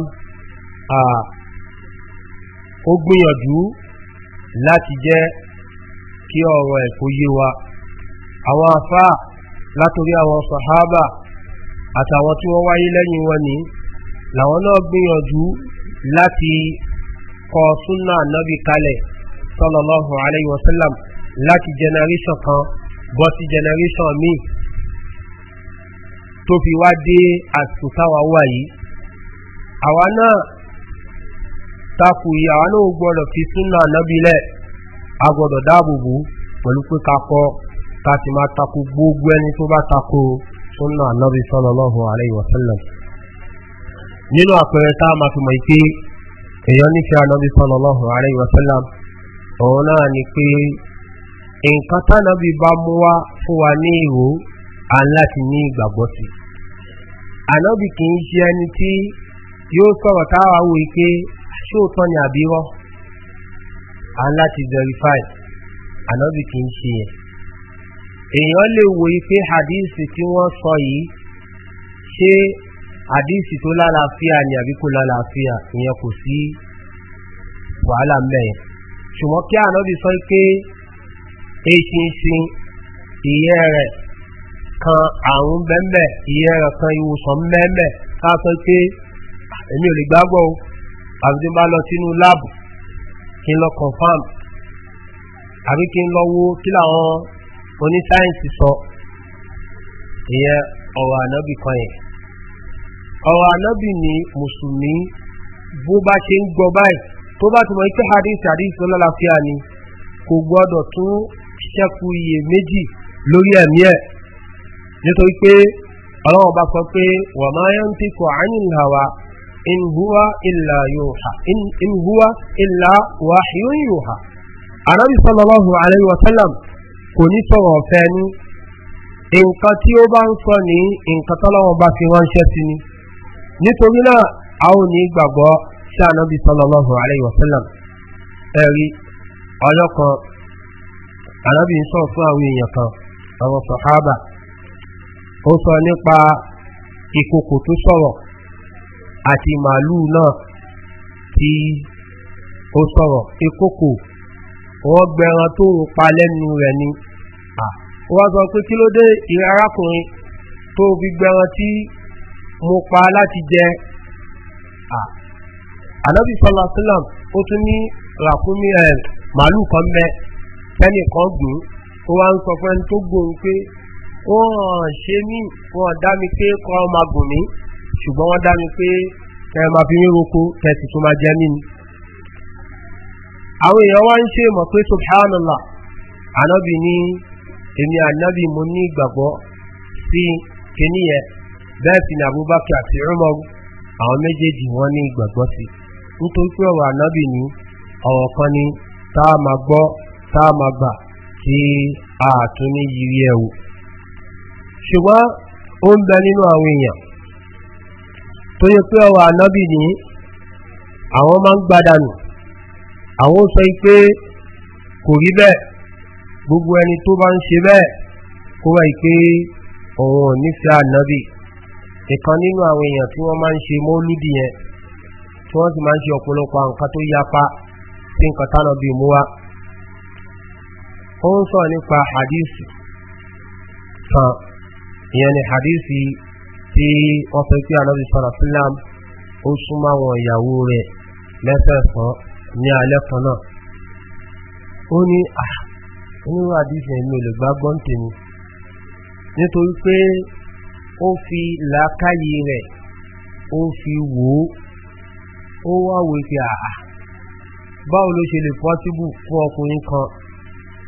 ó gbìyànjú láti jẹ́ kí ọ̀rọ̀ ẹ̀ kó wa àwọn afá látòrí àwọn àtàwọn tí wọ́n wáyé lẹ́yìn wọn ni làwọn náà gbìyànjú láti kọ súnà nábi kalẹ̀ sọlọ́lọ́hùn aláyé wasalam láti generation kan bọ́ sí generation míì tó fi wá dé àsìkò táwa wà yìí àwa náà takù yìí àwa náà gbọ́dọ̀ fi súnà nábi lẹ̀ a gbọ́dọ̀ dáàbò pẹ̀lú pé kakọ ká sì máa takò gbogbo ẹni tó bá takò o. súnà na sallallahu alaihi wa sallam nínú àpẹẹrẹ tá a máa fi mọ̀ pé èèyàn nífẹ̀ẹ́ anábì sallallahu alaihi wa sallam òun náà ni pé nǹkan tánábì bá mú wá fún wa ní ìró à ní ìgbàgbọ́ sí kì í ṣe ẹni tí yóò sọ̀rọ̀ ni verify kì í èèyàn lè wòye pé hadíìsì tí wọ́n sọ yìí ṣé hadíìsì tó lálàáfíà ni àbí kò lálàáfíà ìyẹn kò sí wàhálà mẹ́yìn ṣùgbọ́n kí ànábì sọ pé eṣinṣin ìyẹ́ rẹ̀ kan àrùn bẹ́ẹ̀mẹ́ ìyẹ́ rẹ̀ kan ìwòsàn mẹ́ẹ̀mẹ́ ká sọ pé èmi ò lè gbàgbọ́ o àbí tí bá lọ sínú láàbù kí n lọ confam àbí kí n lọ wo kí làwọn onísáyẹ̀nsì sọ ìyẹn ọ̀rọ̀ ànábì kan yẹn ọ̀rọ̀ ànábì ni mùsùlùmí bó bá ṣe ń gbọ́ báyìí tó bá ti ike hadith hadith lọ́làfíà ni kò gbọ́dọ̀ tún ṣẹ́kù iye méjì lórí ẹ̀mí ẹ̀ nítorí pé ọlọ́wọ́ bá sọ pé wà máa yá ń tíkọ̀ àyínláwà ha illa wàhíyún yóò ha arábìsọ́lọ́lọ́hùn kò ní sọ̀rọ̀ ọ̀fẹ́ ní nǹkan tí ó bá ń sọ ní nǹkan tọ́lọ́wọ́ bá fi ránṣẹ́ sí ni nítorí náà a ò ní gbàgbọ́ sí ànábì sọlọ́lọ́hùn àlẹ́yìn ẹ rí, ọjọ́ kan ànábì ń sọ̀rọ̀ fún àwọn èèyàn kan àwọn sọ̀hábà ó sọ nípa ìkòkò tó sọ̀rọ̀ àti màálù náà tí ó sọ̀rọ̀ ìkòkò wọ́n gbẹran tó ń pa lẹ́nu rẹ̀ ni ah. wọ́n sọ pé kí ló dé ìrẹ́ arákùnrin tó fi gbẹran tí mo pa láti jẹ ah. ànábì sọlá sílám ó tún ní ràkúnmí ẹ màálù kan mẹ fẹ́nì kan gùn ó wá ń sọ fún ẹni tó gùn pé wọ́n ṣe mí wọ́n dá mi pé kọ́ ọ máa gùn mí ṣùgbọ́n wọ́n dá mi pé kẹ́ ẹ máa fi mí roko kẹ́ ẹ sì tún máa jẹ́ mí ni. àwọn èèyàn wá ń ṣe mọ̀ pé subhanallah anábì ní èmi anábì mo ní ìgbàgbọ́ sí kíníyẹ bẹ́ẹ̀ sì abubakar àti àwọn méjèèjì ní ìgbàgbọ́ sí nítorí pé ọ̀rọ̀ ní ọ̀rọ̀ kan tá tí a tún ní yiri ṣùgbọ́n ó ń bẹ nínú àwọn èèyàn àwọn sọ pé kò rí bẹ́ẹ̀ gbogbo ẹni tó bá ń ṣe bẹ́ẹ̀ kó wá pé òun ò nífẹ́ ànábì ìkan nínú àwọn èèyàn tí wọ́n máa ń ṣe mọ́lúdì yẹn tí wọ́n sì máa ń ṣe ọ̀pọ̀lọpọ̀ nǹkan tó yapa sí nǹkan tánà bí mú wa ó ń sọ nípa hadithi kan ìyẹn ni hadisi tí wọ́n fẹ́ pé ànábì sọ̀rọ̀ sílám ó súnmọ́ àwọn ìyàwó rẹ̀ lẹ́fẹ̀ẹ́ fún ní alẹ́ kan náà ó ní àníwà dífẹ̀ mi ò lè gbá gbọ́n tèmi nítorí pé ó fi làákàyè rẹ̀ ó fi wò ó ó wá wèké àà báwo ló ṣe lè pọ́síbù fún ọkùnrin kan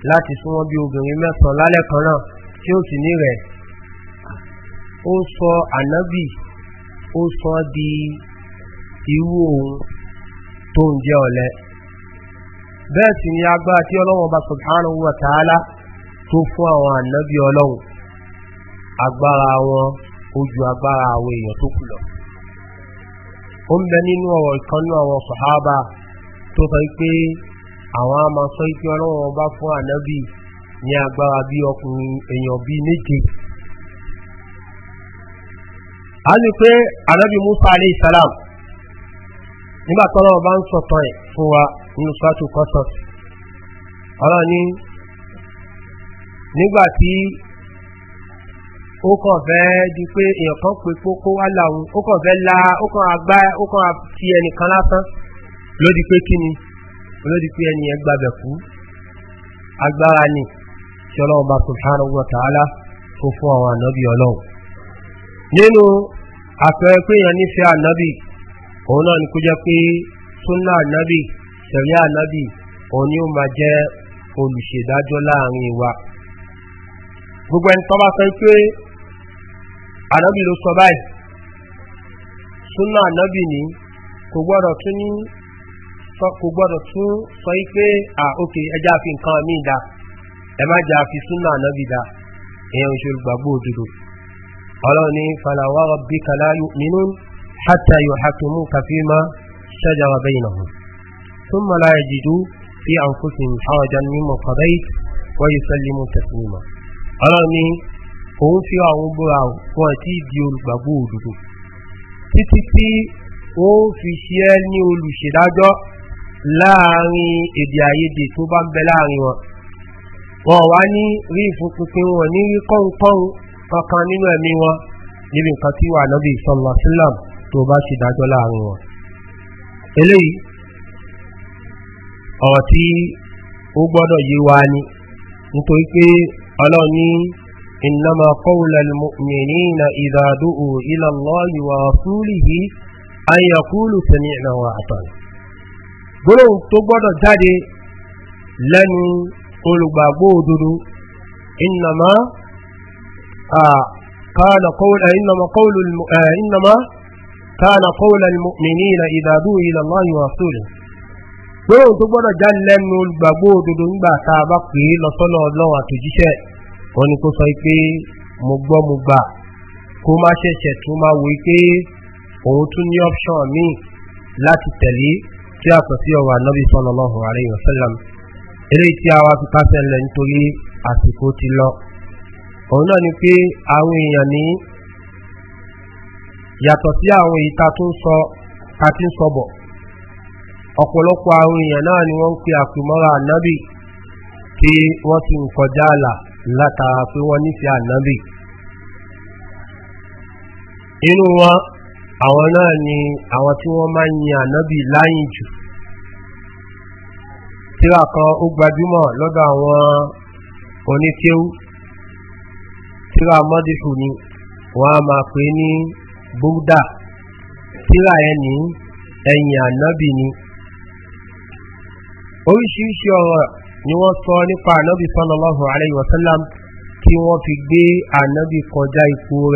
láti súnmọ́ bí obìnrin mẹ́sàn lálẹ́ kan náà tí ó sì ní rẹ̀ ó sọ ànábì ó sọ di irú òun tó ń jẹ́ ọ̀lẹ́ bẹ́ẹ̀ sì ni agbára tí ọlọ́run ọba subhanahu wa ta'ala tó fún àwọn ànábí ọlọ́run agbára wọn ojú agbára àwọn èèyàn tó kù lọ ó ń bẹ nínú ọ̀rọ̀ ìkanú àwọn sọ̀hábà tó sọ pé àwọn a máa ọba fún ànábí ní agbára bí ọkùnrin èèyàn bi méje a ní pé musa nígbà tọ́lọ́ ọba ń sọ̀tọ̀ ẹ̀ fún wa nínú sọ́tù kọ́sọ̀t ni n'igbati tí ó kàn fẹ́ di pé èèyàn kan pé kókó wá ó kàn la ó kàn ó kàn fi ẹnìkan lásán lódi pé kí lódi pé ẹni ẹ gbàbẹ̀ kú agbára ni tí ọlọ́run bá sùnfàánù wọ̀ tààlà tó fún àwọn òun náà ni kó jẹ́ pé súnà ànábì tẹ̀lé ànábì òun ni ó máa jẹ́ olùṣèdájọ́ láàrin wa gbogbo ẹni tọ́ bá pé ànábì ló sọ báyìí súnà ànábì ni kò gbọ́dọ̀ tún ní kò gbọ́dọ̀ tún sọ pé ẹjá fi nǹkan mi da ẹ má jà fi súnà da èèyàn ìṣòro gbàgbó òdodo ọlọ́run حتى يحكموك فيما شجر بينهم ثم لا يجدوا في أنفسهم حرجا مما قضيت ويسلموا تسليما أراني òun fi àwọn búra fún ẹ̀tí ìdí olùgbàgbọ́ òdòdó títí tí ó fi ṣe ẹ́ ní olùṣèdájọ́ láàrin èdè àyèdè tó bá bẹ láàrin wọn wọn wá ní rí ìfúnpinpin wọn ní rí kọ́ńkọ́ń kankan nínú ẹ̀mí wọn níbi nǹkan tí wà nábì sọ́lá sílámù tó bá ṣe dájọ́ láàrin wọn eléyìí ọ̀rọ̀ tí ó gbọ́dọ̀ yí wá ní nítorí pé ọlọ́run ní ìnáma kọ́wùlẹ̀ mìíní na ìdádó ìlàlọ́ ìwà fúlì yìí ayakúlù tẹ̀lé ìnáwó àtọ̀nà gbólóhùn tó gbọ́dọ̀ jáde lẹ́nu olùgbàgbó òdodo ìnáma كان قول المؤمنين إذا دعوا إلى الله ورسوله lóòrùn tó gbọ́dọ̀ já lẹ́nu olùgbàgbó òdodo nígbà tá a bá pè é lọ́sọ́nà ọlọ́run àtòjíṣẹ́ wọn ni kó sọ pé mo gbọ́ mo gbà kó má ṣẹ̀ṣẹ̀ tó máa wò pé òun tún ní ọ́pṣọ̀n míì láti tẹ̀lé tí a sọ sí ọ̀rọ̀ ànábì sọ́nà ọlọ́run àrẹ ìwọ̀sẹ́lẹ̀m eléyìí tí a wá fi pàṣẹ lẹ̀ nítorí àsìkò ti lọ òun náà ni pé àwọn èèyàn ní yàtọ̀ sí àwọn ìta tó ń sọ tàbí sọ̀bọ̀ ọ̀pọ̀lọpọ̀ àwọn èèyàn náà ni wọ́n ń pe àpìmọ́ra ànábì tí wọ́n ti ń kọjá àlà látara pé wọ́n nífẹ̀ẹ́ ànábì inú wọn àwọn náà ni àwọn tí wọ́n máa ń yin ànábì láyìn jù tíra kan ó gbajúmọ̀ lọ́dọ̀ àwọn tíra ni wọ́n á máa pè búdà tíra ẹ ẹ̀yìn ànábì ni oríṣiríṣi ọ̀rọ̀ ni wọ́n sọ nípa ànábì sọ́lọ́lọ́hùn fi gbé ànábì kọjá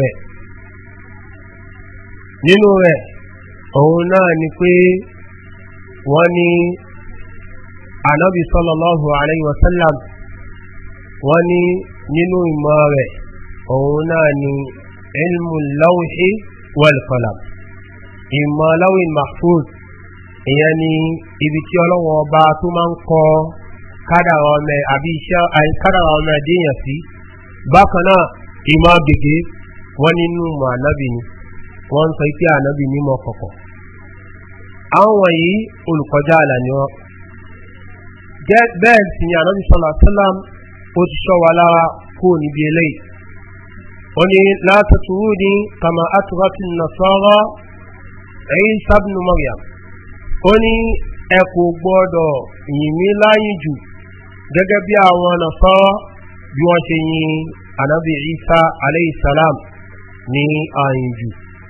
rẹ̀ nínú rẹ̀ òun náà ni pé wọ́n ni ànábì sọ́lọ́lọ́hùn wọ́n nínú ìmọ̀ rẹ̀ òun ni ilmu wal-qalam ìmọ̀ aláwìn mahfuz ìyẹn ni ibi tí ọlọ́wọ́ ọba tó máa ń kọ kádàrà ọmọ àbí sí bákan ìmọ̀ gègé wọ́n nínú mọ̀ ànábì wọ́n ń sọ ipé ànábì nímọ̀ kọ̀kọ̀ àwọn wọ̀nyí olùkọjá àlà ni wọ́n bẹ́ẹ̀ sì ni ànábì ó ti lára níbi eléyìí oni na tatuni kama atrati nasara isa ibn maryam oni ẹ kò gbọdọ̀ yìn mí láyìn jù gẹ́gẹ́ bí àwọn nasara bí wọ́n ṣe yin anabi isa alayhi salam ní àyìn jù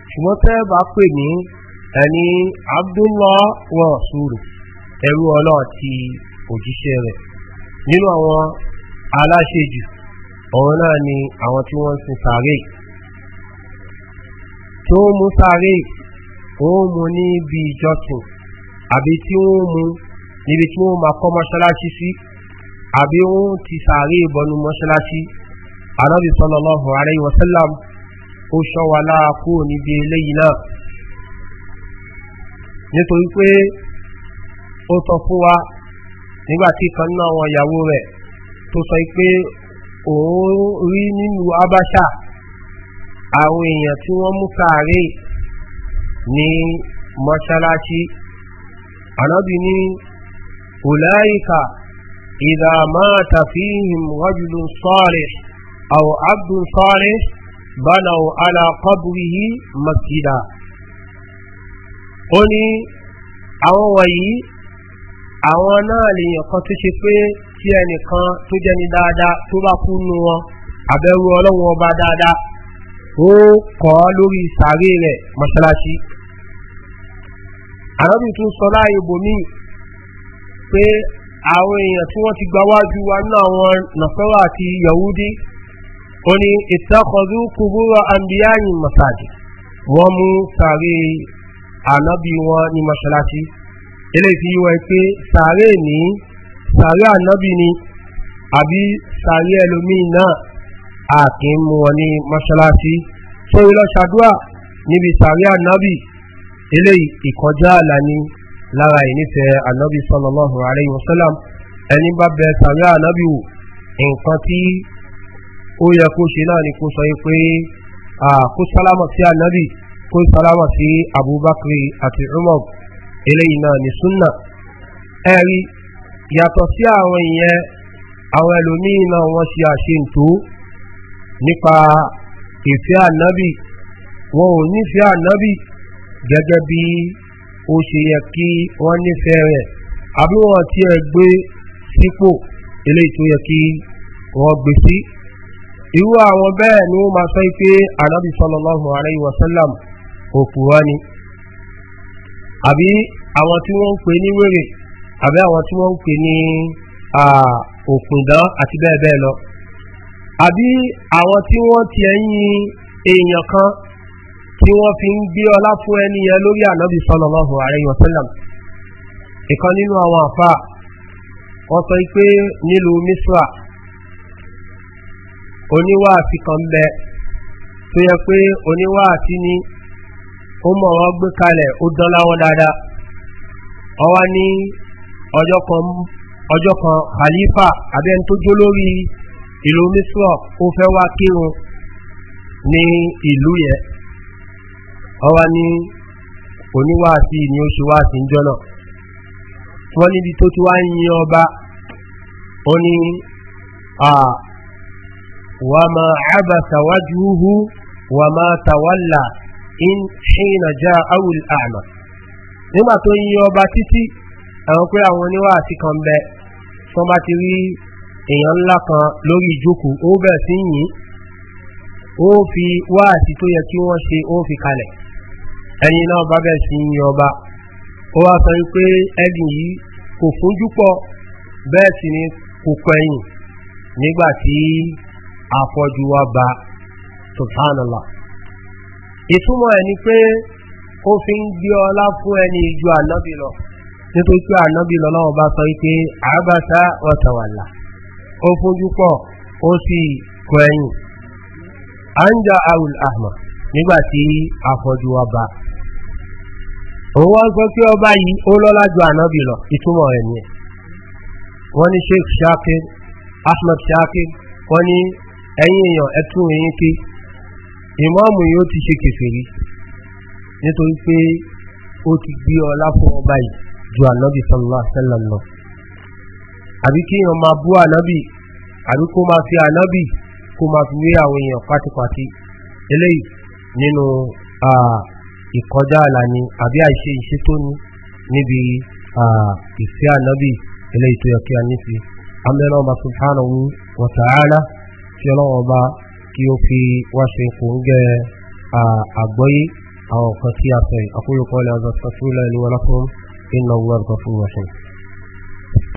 ṣùgbọ́n tẹ́ bá pè ní ẹni abdullah wa rasulu ẹrú ọlọ́ọ̀tì òjíṣẹ́ rẹ̀ nínú ọ̀rọ̀ náà ni àwọn tí wọ́n sin sàárè tí ó mú sàárè ó mú ní ibi ìjọsìn àbí tí ó mú níbi tí ó máa kọ́ mọ́ṣáláṣí sí àbí ó ti sàárè bọnú mọ́ṣáláṣí anábì sọlọ́lọ́hùn aláì wasallam ó ṣọ́wà láàkú níbi eléyìí náà nítorí pé ó sọ fún wa nígbàtí kan náà wọn ìyàwó rẹ̀ tó sọ pé òun rí nílùú abáṣà àwọn èèyàn tí wọ́n mú sáré ní mọ́ṣáláṣí anábì ní ọláìka ìdá máa tàfihìm rọ́jùlù sọ́ọ̀rẹ̀ àwọn abdùn sọ́ọ̀rẹ̀ bánà alákọ́bùrì yìí masjida ó ní àwọn wọ̀nyí àwọn náà lèèyàn kan tó ṣe pé tí ẹnìkan tó jẹ́ ní dáadáa tó bá kú nú wọn àbẹ̀rù ọlọ́run ọba dáadáa ó kọ́ lórí sàárè rẹ̀ mọ́ṣáláṣí àrọ́bì tún sọ láàyè bòmí pé àwọn èèyàn tí wọ́n ti gba wájú wa nínú àwọn nàfẹ́wà àti yahudi ó ní ìtẹ́kọ̀ọ́dún kúrúrọ̀ àǹbíyáyìn mọ̀sáàjì wọ́n mú sàárè ànábì wọn ní mọ́ṣáláṣí eléyìí fi yíwọ́ pé sàárè ní sàrí ànábì ni àbí sàrí ẹlòmíì náà a kì í mú wọn ní mọ́ṣáláṣí sórí lọ́ṣàdúrà níbi sàrí ànábì eléyìí ìkọjá àlà ni lára ìnífẹ̀ẹ́ ànábì sọlọ́lọ́hùn àlẹ́yìn wọ́sálàm ẹni bá bẹ sàrí ànábì wò nǹkan tí ó yẹ kó ṣe náà ni kó sọ pé kó sálámà sí ànábì kó sálámà sí abubakar àti umar eléyìí náà ni sunna ẹ̀rí yàtọ̀ sí àwọn ìyẹn àwọn ẹlòmíì náà wọ́n ṣe àṣíntó nípa ìfẹ́ ànábì wọn ò nífẹ́ ànábì gẹ́gẹ́ bí ó ṣe yẹ kí wọ́n nífẹ́ rẹ̀ àbí wọ́n ti ẹ̀ gbé sípò ilé tó yẹ kí wọ́n gbé sí irú àwọn bẹ́ẹ̀ ni ó máa sọ pé ànábì sọlọ́lọ́hùn àrẹ́yìn wàsálàm òpùrọ́ ni àbí àwọn tí wọ́n ń pè ní wèrè àbẹ́ àwọn tí wọ́n ń pè ní òkùndán àti bẹ́ẹ̀ bẹ́ẹ̀ lọ àbí àwọn tí wọ́n ti ẹ̀yìn èèyàn kan tí wọ́n fi ń gbé ọlá fún ẹni yẹn lórí ànábì sọlọ́lọ́hù àrẹ́yìn ọ̀sẹ́lẹ̀m ìkan nínú àwọn àfà wọ́n sọ pé nílùú misra oníwàásí kan bẹ tó yẹ pé oníwàásí ni ó mọ̀ wọ́n gbé kalẹ̀ ó dán láwọn dáadáa ọwá ní ọjọ́ kan ọjọ́ kan khalifa abẹ́ni tó jó lórí ìlú misro ó fẹ́ wá kírun ní ìlú yẹ ọwá ní oníwáàsí ni ó ṣe wá sí ìjọ náà wọ́n níbi tó ti wá ń yin ọba ó ní wà máa ábàtà wájúhú wà máa tàwálà in ṣe ìnàjá áwùl àmà nígbà tó yin ọba títí àwọn pé àwọn oníwà àti kan bẹ tó bá ti rí èèyàn ńlá kan lórí ìjókòó ó bẹ̀rẹ̀ sí yìn ó fi wá tó yẹ kí wọ́n ṣe ó fi kalẹ̀ ẹni náà bá bẹ̀rẹ̀ sí yìn ọba ó wá sọ wípé ẹni yìí kò fúnjú pọ̀ bẹ́ẹ̀ sì ni kò kọ̀yìn nígbà tí àfọ́jú wa ba subhanallah ìtumọ̀ ẹni pé ó fi ń gbé ọlá fún ẹni ìjọ ànábì lọ nítorí pé ànábì lọ́lọ́wọ́ bá sọ wípé àbáta ọ̀tàwàlà ó fojú pọ̀ ó sì kọ ẹ̀yìn anja awul ahmad nígbà tí afọ́jú ọba òun wá gbọ́ pé ọba yìí ó lọ́lá ju ànábì lọ ìtumọ̀ rẹ̀ nìyẹn wọ́n ní sheikh shakir ahmed shakir wọ́n ní ẹ̀yìn èèyàn ẹ̀tún èyí pé ìmọ̀ọ́mù yóò ti ṣe kẹfẹ́ rí nítorí pé ó ti gbé ọlá fún ọba yìí ju ànábì sallallahu alaihi wasallam lọ àbí kí èèyàn máa bú ànábì àbí kó máa fi ànábì kó máa fi wé àwọn èèyàn pátípátí eléyìí nínú ìkọjá àlà ni àbí àìṣe iṣẹ́ tó ní níbi ìfẹ́ ànábì eléyìí tó yẹ kí a ní sí amẹ́rán ọba subhanahu wa ta'ala tí ọlọ́wọ́ ọba kí ó fi wá ṣe a sọ yìí ilẹ̀ إن الله غفور رحيم